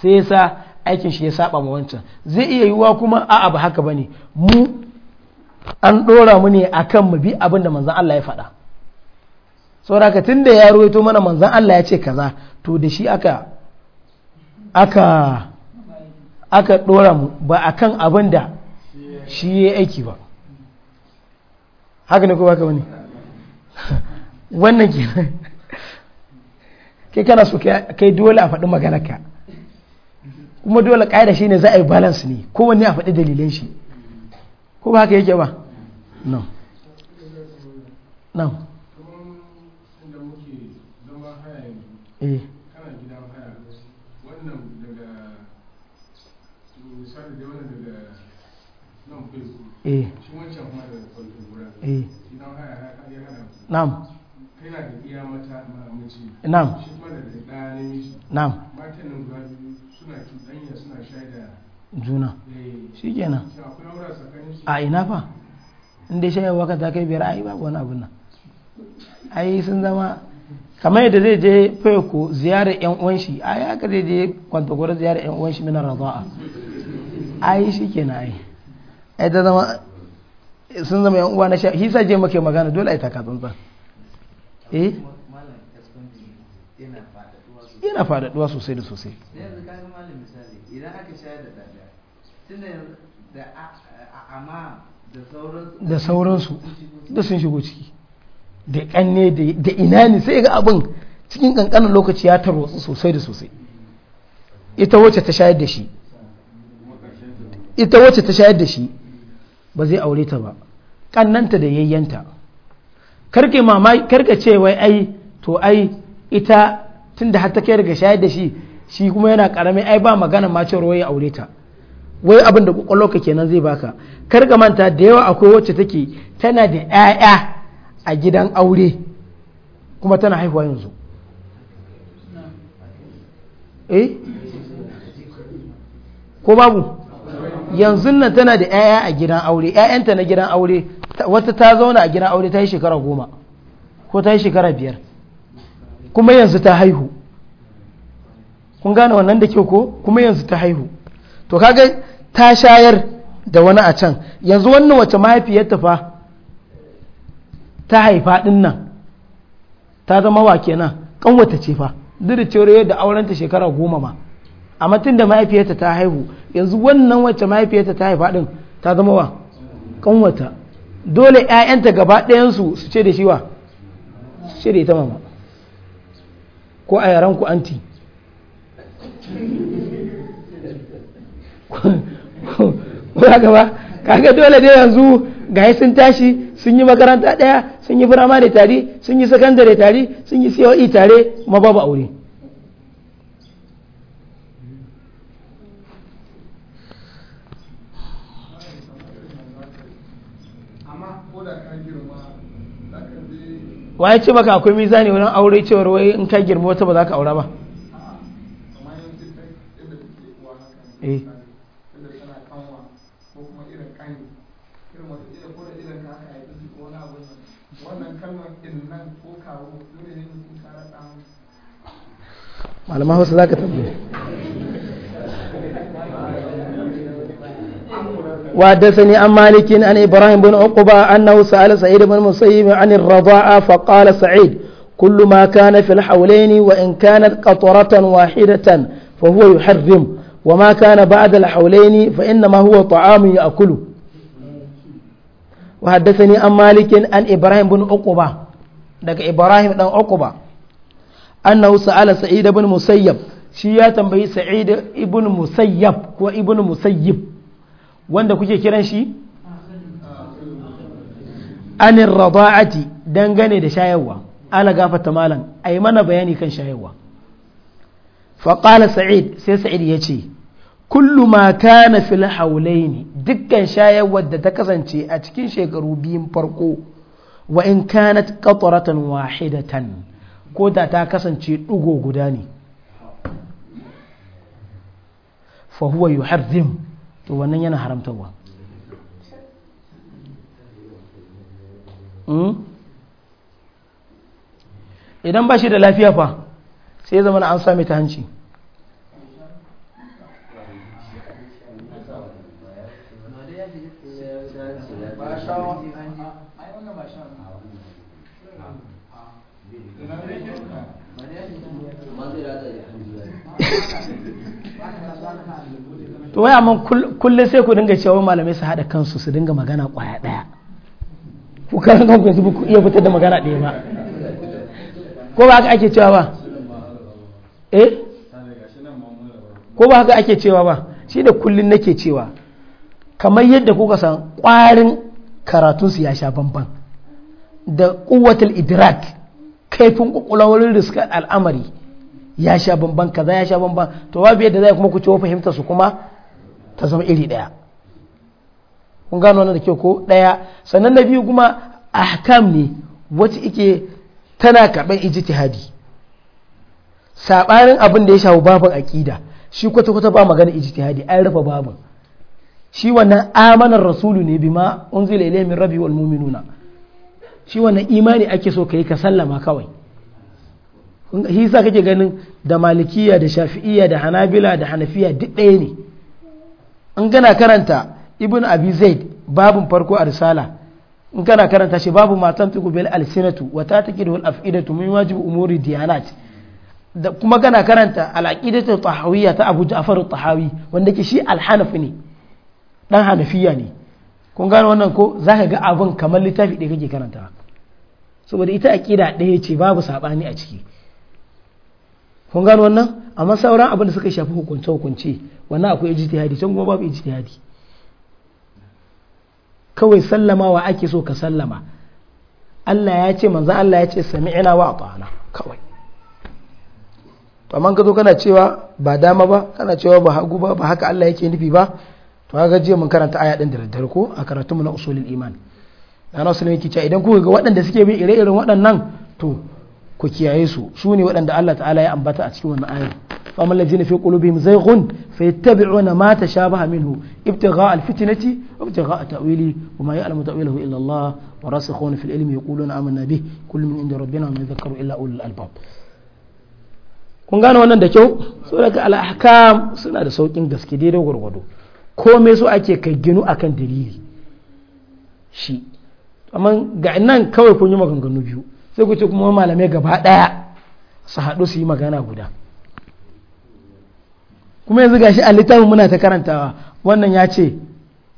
sai yasa aikin shi ya saba ma wancan zai iya yiwa kuma a'a ba haka bane mu an ɗora mu ne akan mu bi abin da manzon Allah ya faɗa sauraka ka da ya ruwaito mana manzon Allah ya ce kaza to da shi aka aka aka ɗora mu ba akan abin da shi ya aiki ba haka ne ko baka wani wannan ke kai kana so kai dole a faɗi maganarka kuma dole ƙa'ida shi ne za a yi balance ne kowanne a faɗi dalilan shi ko ba haka yake ba no no eh Ee. Eh. Ee. Eh. na'am na'am na'am juna shi kenan a ina fa inda shayarwa ka ta kai biyar ai babu wani abin nan ai sun zama kamar yadda zai je fayoko ziyarar yan uwan shi ai ka zai je kwantagwar ziyarar yan uwan shi minar raza'a ai shi kenan ai ai ta zama sun magana dole eh? yana faɗaɗuwa sosai da sosai aka shayar da sauransu da sun shigo ciki da kanne da ina ne sai ga abin cikin kankanin lokaci ya tarwatsu sosai da sosai ita wacce ta shayar da ita wacce ta shayar da shi ba zai aure ta ba ƙannanta da yayyanta karke mamaki karka ce wai ai to ai ita tunda har ta kai daga shayar da shi shi kuma yana karami ai ba magana ma cewa wai ya aure ta wai abin da ka kenan zai baka karka manta da yawa akwai wacce take tana da ƴaƴa a gidan aure kuma tana haihuwa yanzu eh ko babu yanzu nan tana da 'ya'ya a gidan aure 'ya'yanta na gidan aure wata ta zauna a gidan aure ta yi shekara goma ko ta yi shekara biyar kuma yanzu ta haihu kun gane wannan da kyau ko kuma yanzu ta haihu to kaga ta shayar da wani a can yanzu wannan wace mahaifiyarta fa ta haifa din nan ta zama wa kenan kanwata ce fa duk da cewar yadda aurenta shekara goma ma amma tun da mahaifiyarta ta haihu yanzu wannan wacce mahaifiyarta ta haifa din ta zama wa kanwata dole ƴaƴanta gaba ɗayansu su ce da shi wa su ce da ita mama ko a yaran ku anti ko gaba kaga dole dai yanzu ga sun tashi sun yi makaranta ɗaya sun yi firamare tare sun yi sakandare tare sun yi coe tare ma babu aure wa ya ce maka akwai mizani wurin aure cewar wai in ka girma wata ba za ka aura ba eh. malamahu hausa za ka وحدثني عن مالك عن إبراهيم بن عقبة أنه سأل سعيد بن المسيب عن الرضاعة فقال سعيد كل ما كان في الحولين وإن كانت قطرة واحدة فهو يحرم وما كان بعد الحولين فإنما هو طعام يأكله وحدثني عن مالك عن إبراهيم بن عقبة دك إبراهيم بن عقبة أنه سأل سعيد بن مسيب شيئا تنبيه سعيد ابن مسيب وابن مسيب wanda kuke kiran shi ah, anin rada'ati dangane da shayarwa ala gafata malam ai mana bayani kan shayarwa faƙala sa'id sai sa'id ya ce kullu ma kana fil ne dukkan shayarwar da ta kasance a cikin shekaru biyun farko wa in kanat qataratan wahidatan ko da ta kasance ɗugo guda ne fa huwa yuharzim to wannan yana haramtarwa hmm? idan ba shi da lafiya fa sai zama na an sami ta hanci to wai amma kullum sai ku dinga cewa malamai su haɗa kansu su dinga magana ƙwaya ɗaya ku karan kanku yanzu ku iya fitar da magana ɗaya ba ko ba haka ake cewa ba eh ko ba haka ake cewa ba shi da kullum nake cewa kamar yadda kuka san ƙwarin karatunsu ya sha bamban da ƙuwatul idrak kaifin kwakwalwar wurin riskar al'amari ya sha bamban kaza ya sha bamban to babu yadda zai kuma ku ciwo fahimta su kuma ta zama iri ɗaya kun gano wannan da kyau ko ɗaya sannan na biyu kuma ahkam ne wacce ike tana karɓar ijtihadi saɓanin abin da ya shafi babin aƙida shi kwata-kwata ba magana ijtihadi an rufe babin shi wannan amanar rasulu ne bima unzila ilayhi min rabbi wal mu'minuna shi wannan imani ake so ka yi ka sallama kawai shi sa kake ganin da malikiya da shafi'iya da hanabila da hanafiya duk ɗaya ne in gana karanta ibn abi zaid babin farko a risala in kana karanta shi babu matan tuku bil alsinatu wa ta take da af'idatu min wajibi umuri diyanat da kuma kana karanta al-aqidatu tahawiyya ta abu ja'far tahawi wanda ke shi al ne dan hanafiya ne kun gane wannan ko zaka ga abin kamar littafi ɗaya kake karanta saboda ita aƙida ɗaya ce babu saɓani a ciki kun gano wannan amma sauran abin da suka shafi hukunce hukunce wannan akwai ijtihadi can kuma babu ijtihadi kawai sallamawa ake so ka sallama Allah ya ce manzo Allah ya ce sami'ina wa ata'ana kawai amma ka zo kana cewa ba dama ba kana cewa ba hagu ba ba haka Allah yake nufi ba to ga jiya mun karanta aya din da daddare ko a karatunmu na usulin iman ana su yake cewa idan kuka ga waɗanda suke bin ire-iren waɗannan to ku kiyaye su su ne waɗanda Allah ta'ala ya ambata a cikin wannan ayar famar lajina fi qulubihim zayghun fa yattabi'una ma tashabaha minhu ibtigha al-fitnati wa ibtigha at-ta'wili wa ma ya'lamu ta'wilahu illa Allah wa rasikhuna fil ilmi yaquluna amanna bih kullu min inda rabbina wa ma yadhakkaru illa ulul albab kun gane wannan da kyau so daga al-ahkam suna da saukin gaske daidai gwargwado komai so ake kai ginu akan dalili shi amma ga nan kawai kun yi maganganu biyu sai ku ce kuma malamai gaba ɗaya su haɗu su yi magana guda kuma yanzu gashi a littafin muna ta karantawa wannan ya ce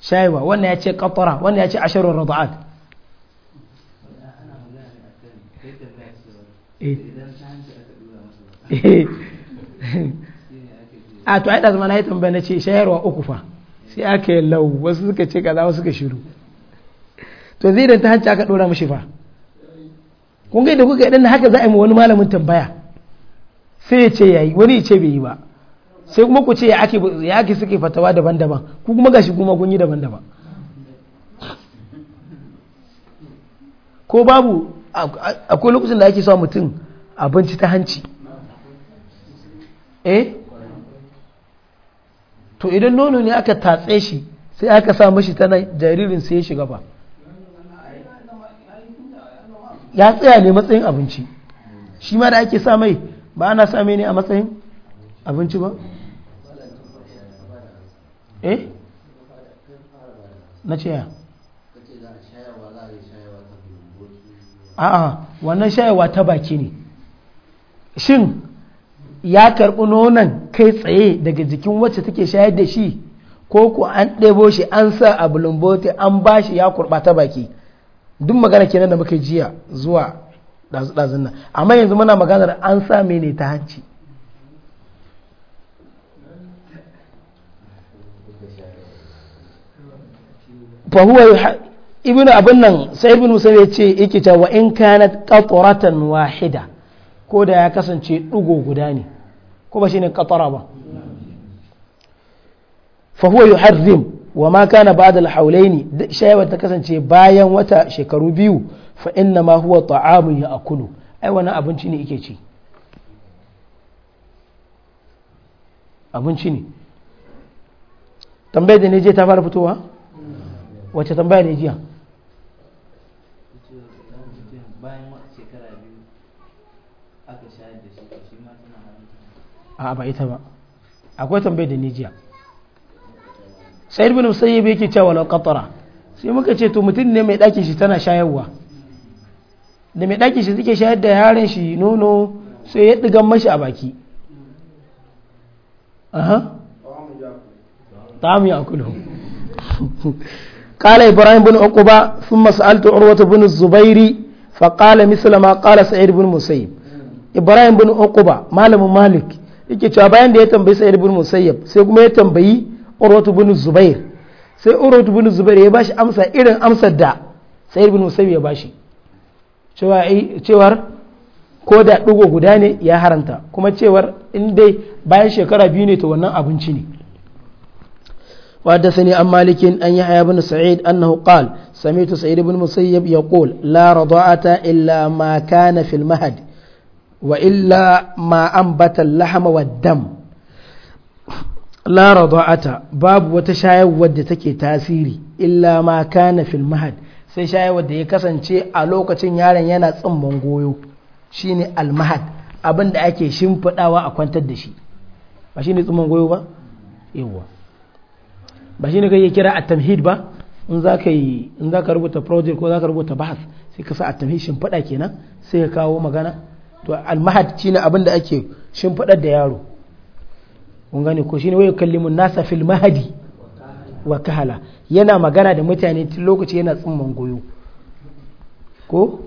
shaiwa wannan ya ce katara wannan ya ce ashirin rada'at eh. a to ai da zama na yi tambaya na ce shayarwa uku fa sai aka yi lau wasu suka ce kaza wasu suka shiru to zai da ta hanci aka dora mashi fa kun ga da kuka idan haka za a yi wani malamin tambaya sai ya ce yayi wani ya ce bai yi ba sai kuma ku ce ya ake ya ake suke fatawa daban-daban ku kuma gashi kuma kun yi daban-daban ko babu akwai lokacin da ake sa mutum abinci ta hanci eh to idan nono ne aka tatse shi sai aka sa mashi ta jaririn sai ya shiga ba ya tsaya ne matsayin abinci shi ma da ake sa mai ba ana sa mai ne a matsayin abinci ba eh na ce ya a'a wannan shayarwa ta baki ne shin ya karɓi nonon kai tsaye daga jikin wacce take shayar da shi ko ku an ɗebo shi an sa a bulumboti an ba shi ya kurɓa ta baki duk magana kenan da muka jiya zuwa ɗazu-ɗazun nan amma yanzu muna maganar an sa ne ta hanci fahuwa ibn abin nan sai ibn musa ya ce yake cewa wa in kanat qatratan wahida ko da ya kasance ɗugo guda ne ko ba ne qatara ba fahuwa harzim wa ma kana ba'da al-hawlaini shayawar ta kasance bayan wata shekaru biyu fa inna ma huwa ta'amun ya akulu ai wani abinci ne yake ci abinci ne tambayar da ne je ta fara fitowa wace tambaya ne jiya a ba ita ba akwai tambayar da ne jiya sai bin musayyib yake cewa la qatara sai muka ce to mutum ne mai ɗakin shi tana shayarwa da mai ɗakin shi suke shayar da yaren shi nono sai ya ɗigan mashi a baki aha ta'amu ya akulu قال إبراهيم بن عقبة ثم سألت عروة بن الزبير فقال مثل ما قال سعيد bin مسيب إبراهيم بن عقبة مالك malik yake cewa bayan da ya tambayi sa'id bin musayyab sai kuma ya tambayi urwatu bin zubair sai urwatu bin zubair ya bashi amsa irin amsar da sayyid bin musayyib ya bashi cewa cewar ko da ɗigo guda ne ya haranta kuma cewar in dai bayan shekara biyu ne to wannan abinci ne وحدثني عن مالك أن يحيى بن سعيد أنه قال سمعت سعيد بن مسيب يقول لا رضاعة إلا ما كان في المهد وإلا ما أنبت اللحم والدم la rada'ata babu wata shayarwar da take tasiri illa ma kana fil mahad sai shayarwar da ya kasance a lokacin yaron yana tsimman goyo shine al mahad abin da ake shimfidawa a kwantar da shi ba shine tsimman goyo ba yawa ba shine kai kira at tamhid ba in za ka yi in za ka rubuta project ko za ka rubuta bahas sai ka sa at tamhid shimfida kenan sai ka kawo magana to al mahad shine abin da ake shimfidar da yaro kun gane ko shine wai kallimun nasa fil mahadi wa kahala yana magana da mutane tun lokaci yana tsimman goyo ko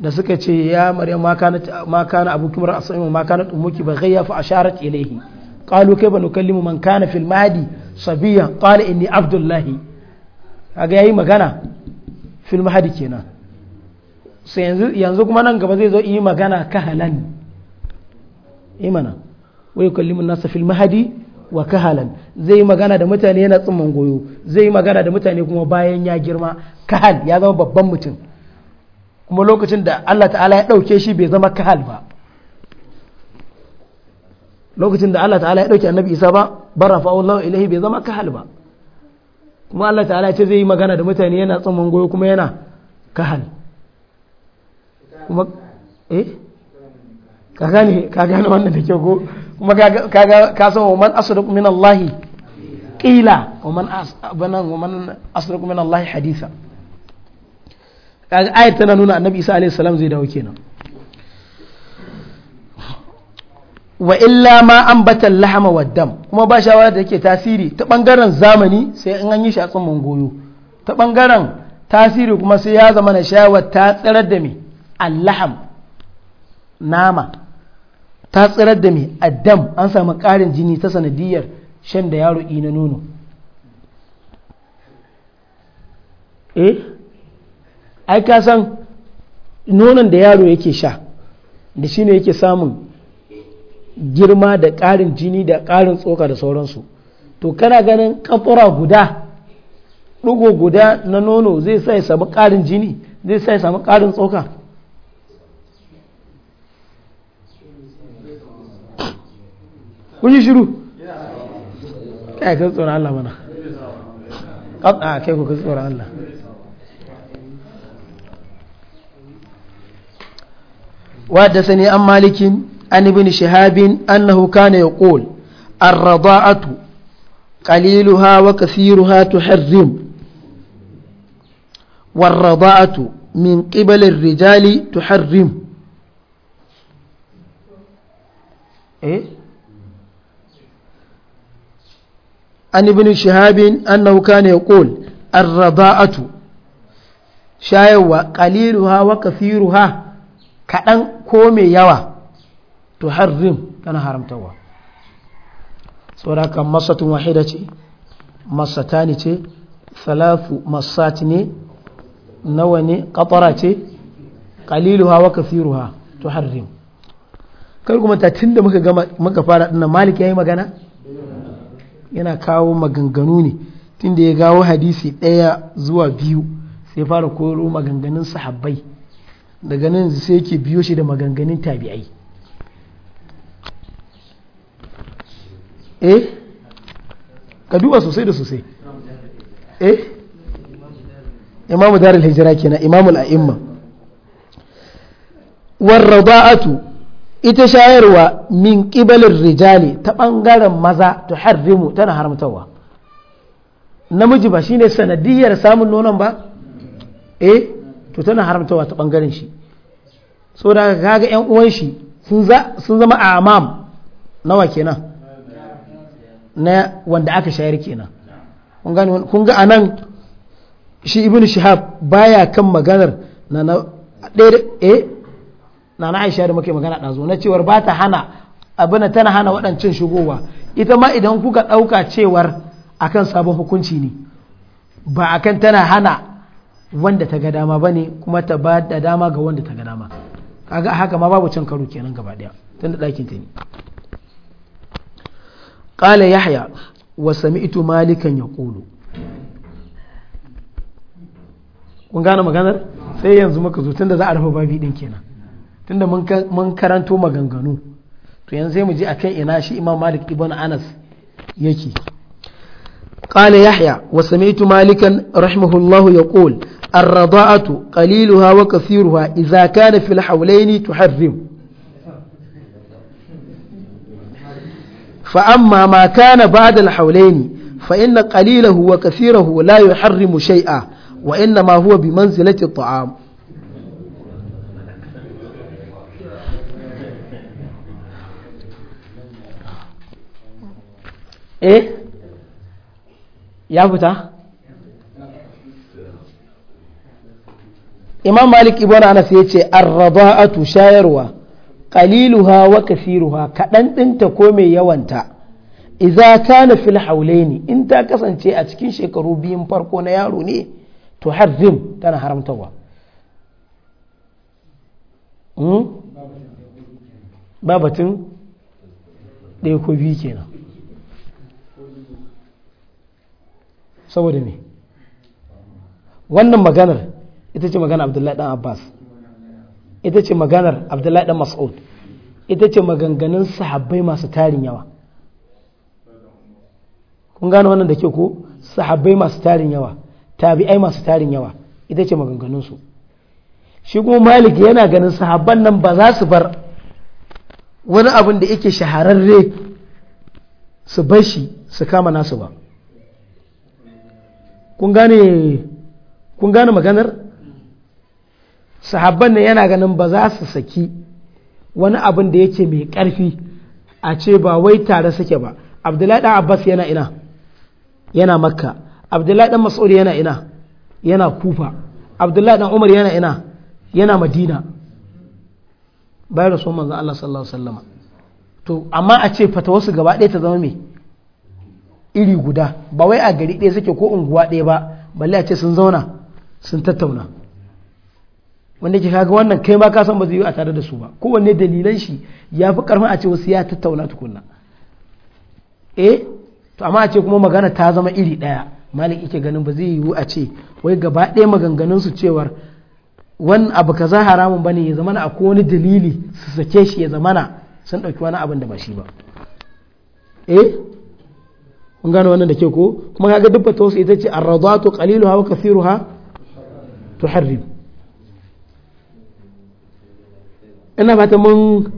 da suka ce ya maryam ma kana ma kana abuki mar asaimu ma kana ummuki baghiya fa asharat ilayhi qalu kayfa nukallimu man kana fil mahadi sabiya qala inni abdullahi kaga yayi magana fil mahadi kenan sai yanzu yanzu kuma nan gaba zai zo yi magana kahalan imana wai kallimin nasa fil mahadi wa kahalan zai yi magana da mutane yana tsimman goyo zai yi magana da mutane kuma bayan ya girma kahal ya zama babban mutum kuma lokacin da Allah ta'ala ya ɗauke shi bai zama kahal ba lokacin da Allah ta'ala ya ɗauke annabi isa ba bara fa'ullahu ilahi bai zama kahal ba kuma Allah ta'ala ya ce zai yi magana da mutane yana tsimman goyo kuma yana kahal kuma eh ka gane wannan da kyau ko kuma kaga ka san wa man asdaq min Allah qila wa man asbana wa man asdaq min Allah haditha kaga ayat tana nuna annabi Isa alaihi salam zai dawo kenan wa illa ma ambatan lahama wa dam kuma ba shawara da yake tasiri ta bangaren zamani sai in an yi shi a goyo ta bangaren tasiri kuma sai ya zama na ta tsirar da me al-laham nama ta tsirar da mai addam an sami ƙarin jini ta sanadiyar shan da yaro na nono eh ai ka san nonon da yaro yake sha da shi ne yake samun girma da ƙarin jini da ƙarin tsoka da sauransu to kana ganin kafura guda ɗugo guda na nono zai sa ya samu ƙarin jini zai sa ya samu ƙarin tsoka kun وحدثني عن مالك عن ابن شهاب أنه كان يقول الرضاعة قليلها وكثيرها تحرم والرضاعة من قبل الرجال تحرم إيه عن ابن شهاب أنه كان يقول الرضاءة شايوة قليلها وكثيرها كأن كومي يوى تحرم كان حرم توا سورة سوراك مصة واحدة مصتان ثلاث مصات نواني قطرة قليلها وكثيرها تحرم kar kuma ta tun da muka fara dinnan malik yana kawo maganganu ne tun da ya gawo hadisi ɗaya zuwa biyu sai fara koro maganganun sahabbai daga nan sai yake biyo shi da maganganun tabi'ai eh ka duba sosai da sosai eh imamu darul hijira kenan imamul a'imma warrada'atu ita shayarwa min ƙibalin rijali ta bangaren maza ta harrimu tana haramtawa namiji ba shine sanadiyar samun nonon ba eh to tana haramtawa ta ɓangaren shi so da kaga yan uwan shi sun zama a amam nawa kenan na wanda aka shayar kenan kun ga anan shi ibn shihab baya kan maganar na na eh na na aisha da muke magana ɗazu na cewar ba ta hana abin tana hana waɗancan shigowa ita ma idan kuka ɗauka cewar akan sabon hukunci ne ba akan tana hana wanda ta ga dama ba ne kuma ta ba da dama ga wanda ta ga dama kaga haka ma babu can karo kenan gaba ɗaya tun da ɗakin ta ne ƙala yahya wa sami'tu malikan yaqulu kun gane maganar sai yanzu muka zo tunda za a rufe babi din kenan tunda mun karanto maganganu to yanzu sai mu je akan ina shi imam malik ibn anas yake قال يحيى وسمعت مالكا رحمه الله يقول الرضاعة قليلها وكثيرها إذا كان في الحولين تحرم فأما ما كان بعد الحولين فإن قليله وكثيره لا يحرم شيئا وإنما هو بمنزلة الطعام eh ya fita imam malik ibn anas ya ce arraba'atu shayarwa qaliluha wa kasiruha kaɗan ɗinta ko mai yawanta idza kana fil haulaini in ta kasance a cikin shekaru biyun farko na yaro ne to harzim tana haramtawa hmm? babatun ɗaya ko biyu kenan saboda ne wannan maganar ita ce maganar abdullahi dan abbas ita ce maganar abdullahi dan mas'ud ita ce maganganun sahabbai masu tarin yawa kun gano wannan da ke ko sahabbai masu tarin yawa tabi'ai masu tarin yawa ita ce maganganunsu shi kuma malik yana ganin sahabban nan ba za su bar wani abin da yake shahararre su bar shi su kama nasu ba kun gane kun gane maganar sahabban nan yana ganin ba za su saki wani abin da yake mai ƙarfi. a ce ba wai tare suke ba abdullahi dan abbas yana ina yana makka abdullahi dan mas'ud yana ina yana kufa abdullahi dan umar yana ina yana madina bayan rasulun manzan Allah sallallahu alaihi wasallama to amma a ce fatawarsu gaba ɗaya ta zama mai iri guda ba wai a gari ɗaya suke ko unguwa ɗaya ba balle a ce sun zauna sun tattauna wanda ke kaga wannan kai ma ka san ba zai yi a tare da su ba kowanne dalilan shi ya fi karfin a ce wasu ya tattauna tukunna eh to amma a ce kuma magana ta zama iri ɗaya malik yake ganin ba zai yiwu a ce wai gaba ɗaya maganganun su cewar wani abu kaza haramun ba ne ya zamana ko wani dalili su sake shi ya zamana sun ɗauki wani abin da ba shi ba eh kun gano wannan da ke ko kuma kaga duk fata wasu ita ce an kalilu arradatu qaliluha ha to tuharrim ina fata mun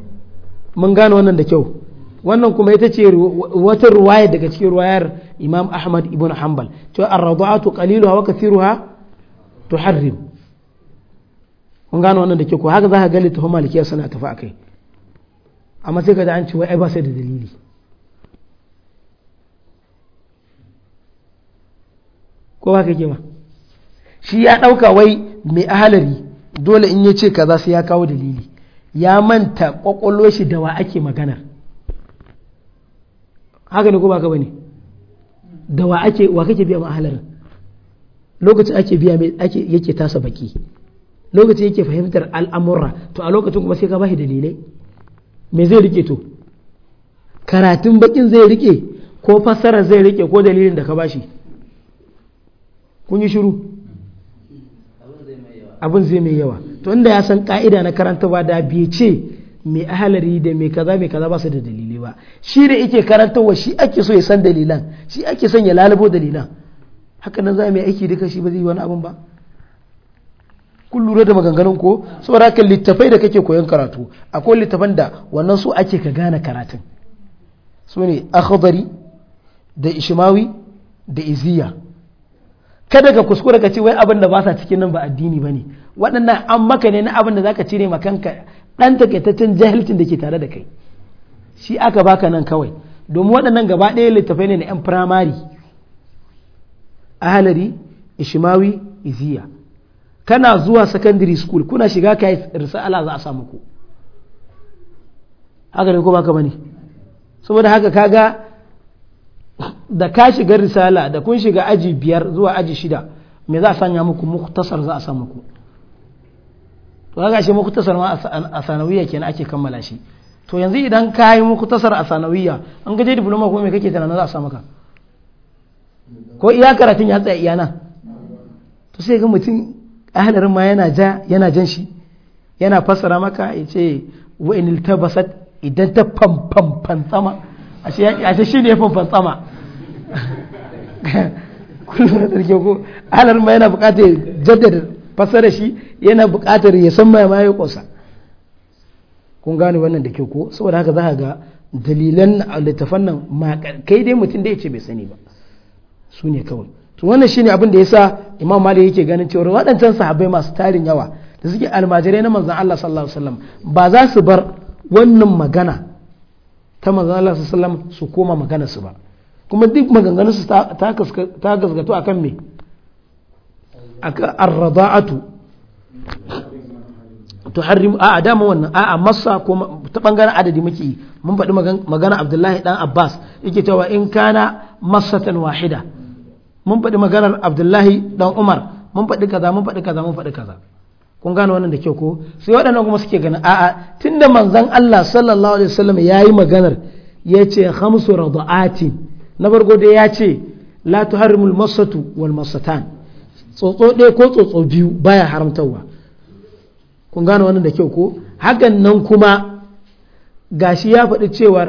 mun gano wannan da kyau wannan kuma ita ce wata ruwaya daga cikin ruwayar Imam Ahmad ibn Hanbal to an cewa arradatu qaliluha ha to tuharrim kun gano wannan da ke ko haka za ka ga littafin sana ta tafi akai amma sai ka ji an ce wai ai ba sai da dalili ko ba ke ma shi ya ɗauka wai mai ahalari dole in ya ce kaza sai ya kawo dalili ya manta ƙwaƙwalo shi da wa ake magana haka ne ko ba ka bane da wa ake wa kake biya ma'ahalarin lokacin ake biya mai ake yake tasa baki lokacin yake fahimtar al'amurra to a lokacin kuma sai ka bashi dalilai me zai rike to karatun bakin zai rike ko fassara zai rike ko dalilin da ka bashi kun yi shiru abin zai mai yawa to inda ya san ka'ida na karanta ba da biye ce mai ahalari da mai kaza mai kaza ba su da dalilai ba shi da yake karantarwa shi ake so ya san dalilan shi ake son ya lalubo dalilan haka nan za aiki duka shi ba zai yi wani abin ba kun da maganganun ko saboda haka littafai da kake koyon karatu akwai littafan da wannan su ake ka gane karatun su ne akhadari da ishmawi da iziya kada ka kuskura ka ce wai abin da ba sa cikin nan ba addini ba ne waɗannan an maka ne na abin da za ka cire ma kanka ɗan takaitaccen jahilcin da ke tare da kai shi aka baka nan kawai domin waɗannan gaba ɗaya littafai ne na 'yan firamari ahalari ishimawi iziya kana zuwa secondary school kuna shiga ka yi risala za a samu ku haka ne ko baka bane saboda haka kaga da ka shiga risala da kun shiga aji biyar zuwa aji shida me za a sanya muku muktasar za a sa muku to ga shi muktasar ma a sanawiya kenan ake kammala shi to yanzu idan ka yi muktasar a sanawiya an gaje diploma ko me kake tunanin za a sa maka ko iya karatun ya tsaya iya to sai ga mutum ahalarin ma yana ja yana jan shi yana fassara maka ya ce wa'inil tabasat idan ta fanfan sama ashe shi ne ya fanfan sama kullum da ke ko alar ma yana bukatar jaddada fasara shi yana bukatar ya san mai ya kosa kun gane wannan da ke ko saboda haka za ka ga dalilan a littafan nan kai dai mutum da ya ce bai sani ba su ne kawai to wannan shine abin da ya sa imam mali yake ganin cewa waɗancan sahabbai masu tarin yawa da suke almajirai na manzan Allah sallallahu alaihi wasallam ba za su bar wannan magana ta manzon Allah sallallahu su koma magana ba kuma duk maganganun ta gasgato akan me akan ar-rada'atu tuharrim a dama wannan a a masa ko ta bangaren adadi muke mun faɗi magana Abdullahi dan Abbas yake cewa in kana masatan wahida mun faɗi maganar Abdullahi dan Umar mun faɗi kaza mun faɗi kaza mun faɗi kaza kun gane wannan da kyau ko sai waɗannan kuma suke ganin a'a tunda manzon Allah sallallahu alaihi wasallam yayi maganar yace khamsu radaati na farko dai yace la tuharrimul masatu wal masatan tsotso ɗaya ko tsotso biyu baya haramtawa kun gane wannan da kyau ko hakan nan kuma gashi ya faɗi cewar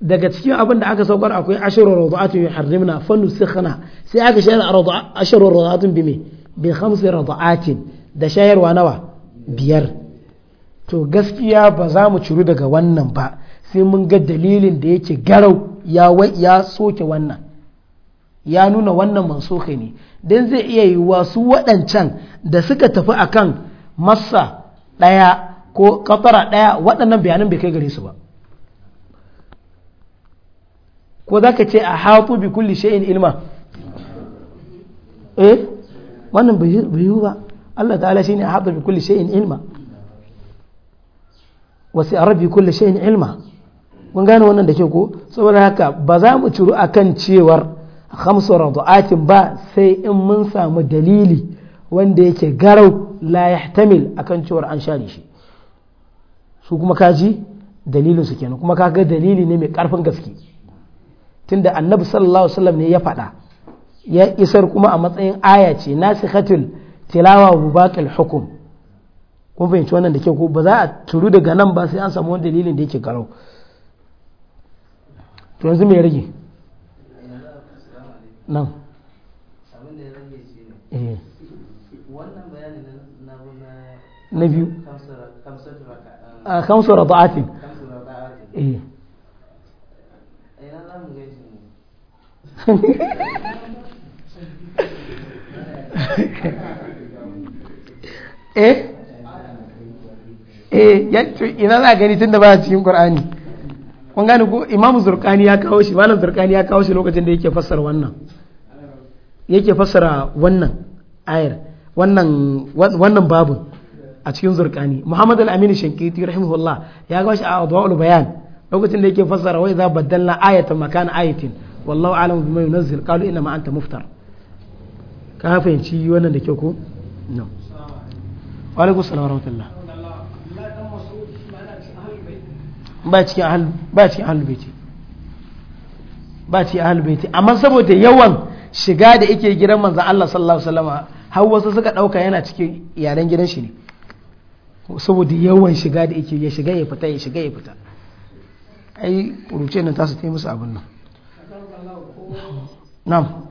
daga cikin abin da aka saukar akwai ashirar radu'atun yi harrimna fannu sikhana sai aka shayar a ashirar radaatin bi me bi hamsin radaatin da shayarwa nawa biyar to gaskiya ba za mu ciru daga wannan ba sai mun ga dalilin da yake garau ya soke wannan ya nuna wannan soke ne don zai iya yi wasu waɗancan da suka tafi akan massa ɗaya ko ƙafara ɗaya waɗannan bayanan bai kai gare su ba ko za ka ce a hatu bi kulli shay'in ilma eh wannan bai yi ba Allah ta'ala shi shine ahadu bi kulle shay'in ilma wasu sa'ara bi kulle shay'in ilma mun gane wannan da ke ko saboda haka ba za mu ciro a kan cewar khamsu radu'atin ba sai in mun samu dalili wanda yake garau la yahtamil kan cewar an share shi su kuma kaji dalilinsu kenan kuma kaga dalili ne mai karfin gaske tunda annabi sallallahu ne ya faɗa ya isar kuma a matsayin aya ce nasihatul tilawa bubakil hukum kun fahimci wannan da ke ko ba za a turu daga nan ba sai an samu wani dalilin da yake karau to yanzu mai rage nan eh. na biyu a kamsu rada'atin eh eh eh ina za a gani tun da ba a cikin qur'ani kun gani ko imamu zurkani ya kawo shi malam zurkani ya kawo shi lokacin da yake fassara wannan yake fassara wannan ayar wannan wannan babun a cikin zurkani muhammad al-amin shankiti rahimahullah ya kawo shi a adwaul bayan lokacin da yake fassara wai za baddalna ayatan makana ayatin wallahu a'lamu bima yunzil qalu inna ma anta muftar ka fahimci wannan da kyau ko no wa salamu salam wa rahmatullah ba cikin ahal ba cikin ahal cikin amma saboda yawan shiga da yake gidan manzan Allah sallallahu alaihi wasallam har wasu suka dauka yana cikin yaren gidan shi ne saboda yawan shiga da yake ya shiga ya fita ya shiga ya fita ai rubuce nan ta su taimusa musu abin nan na'am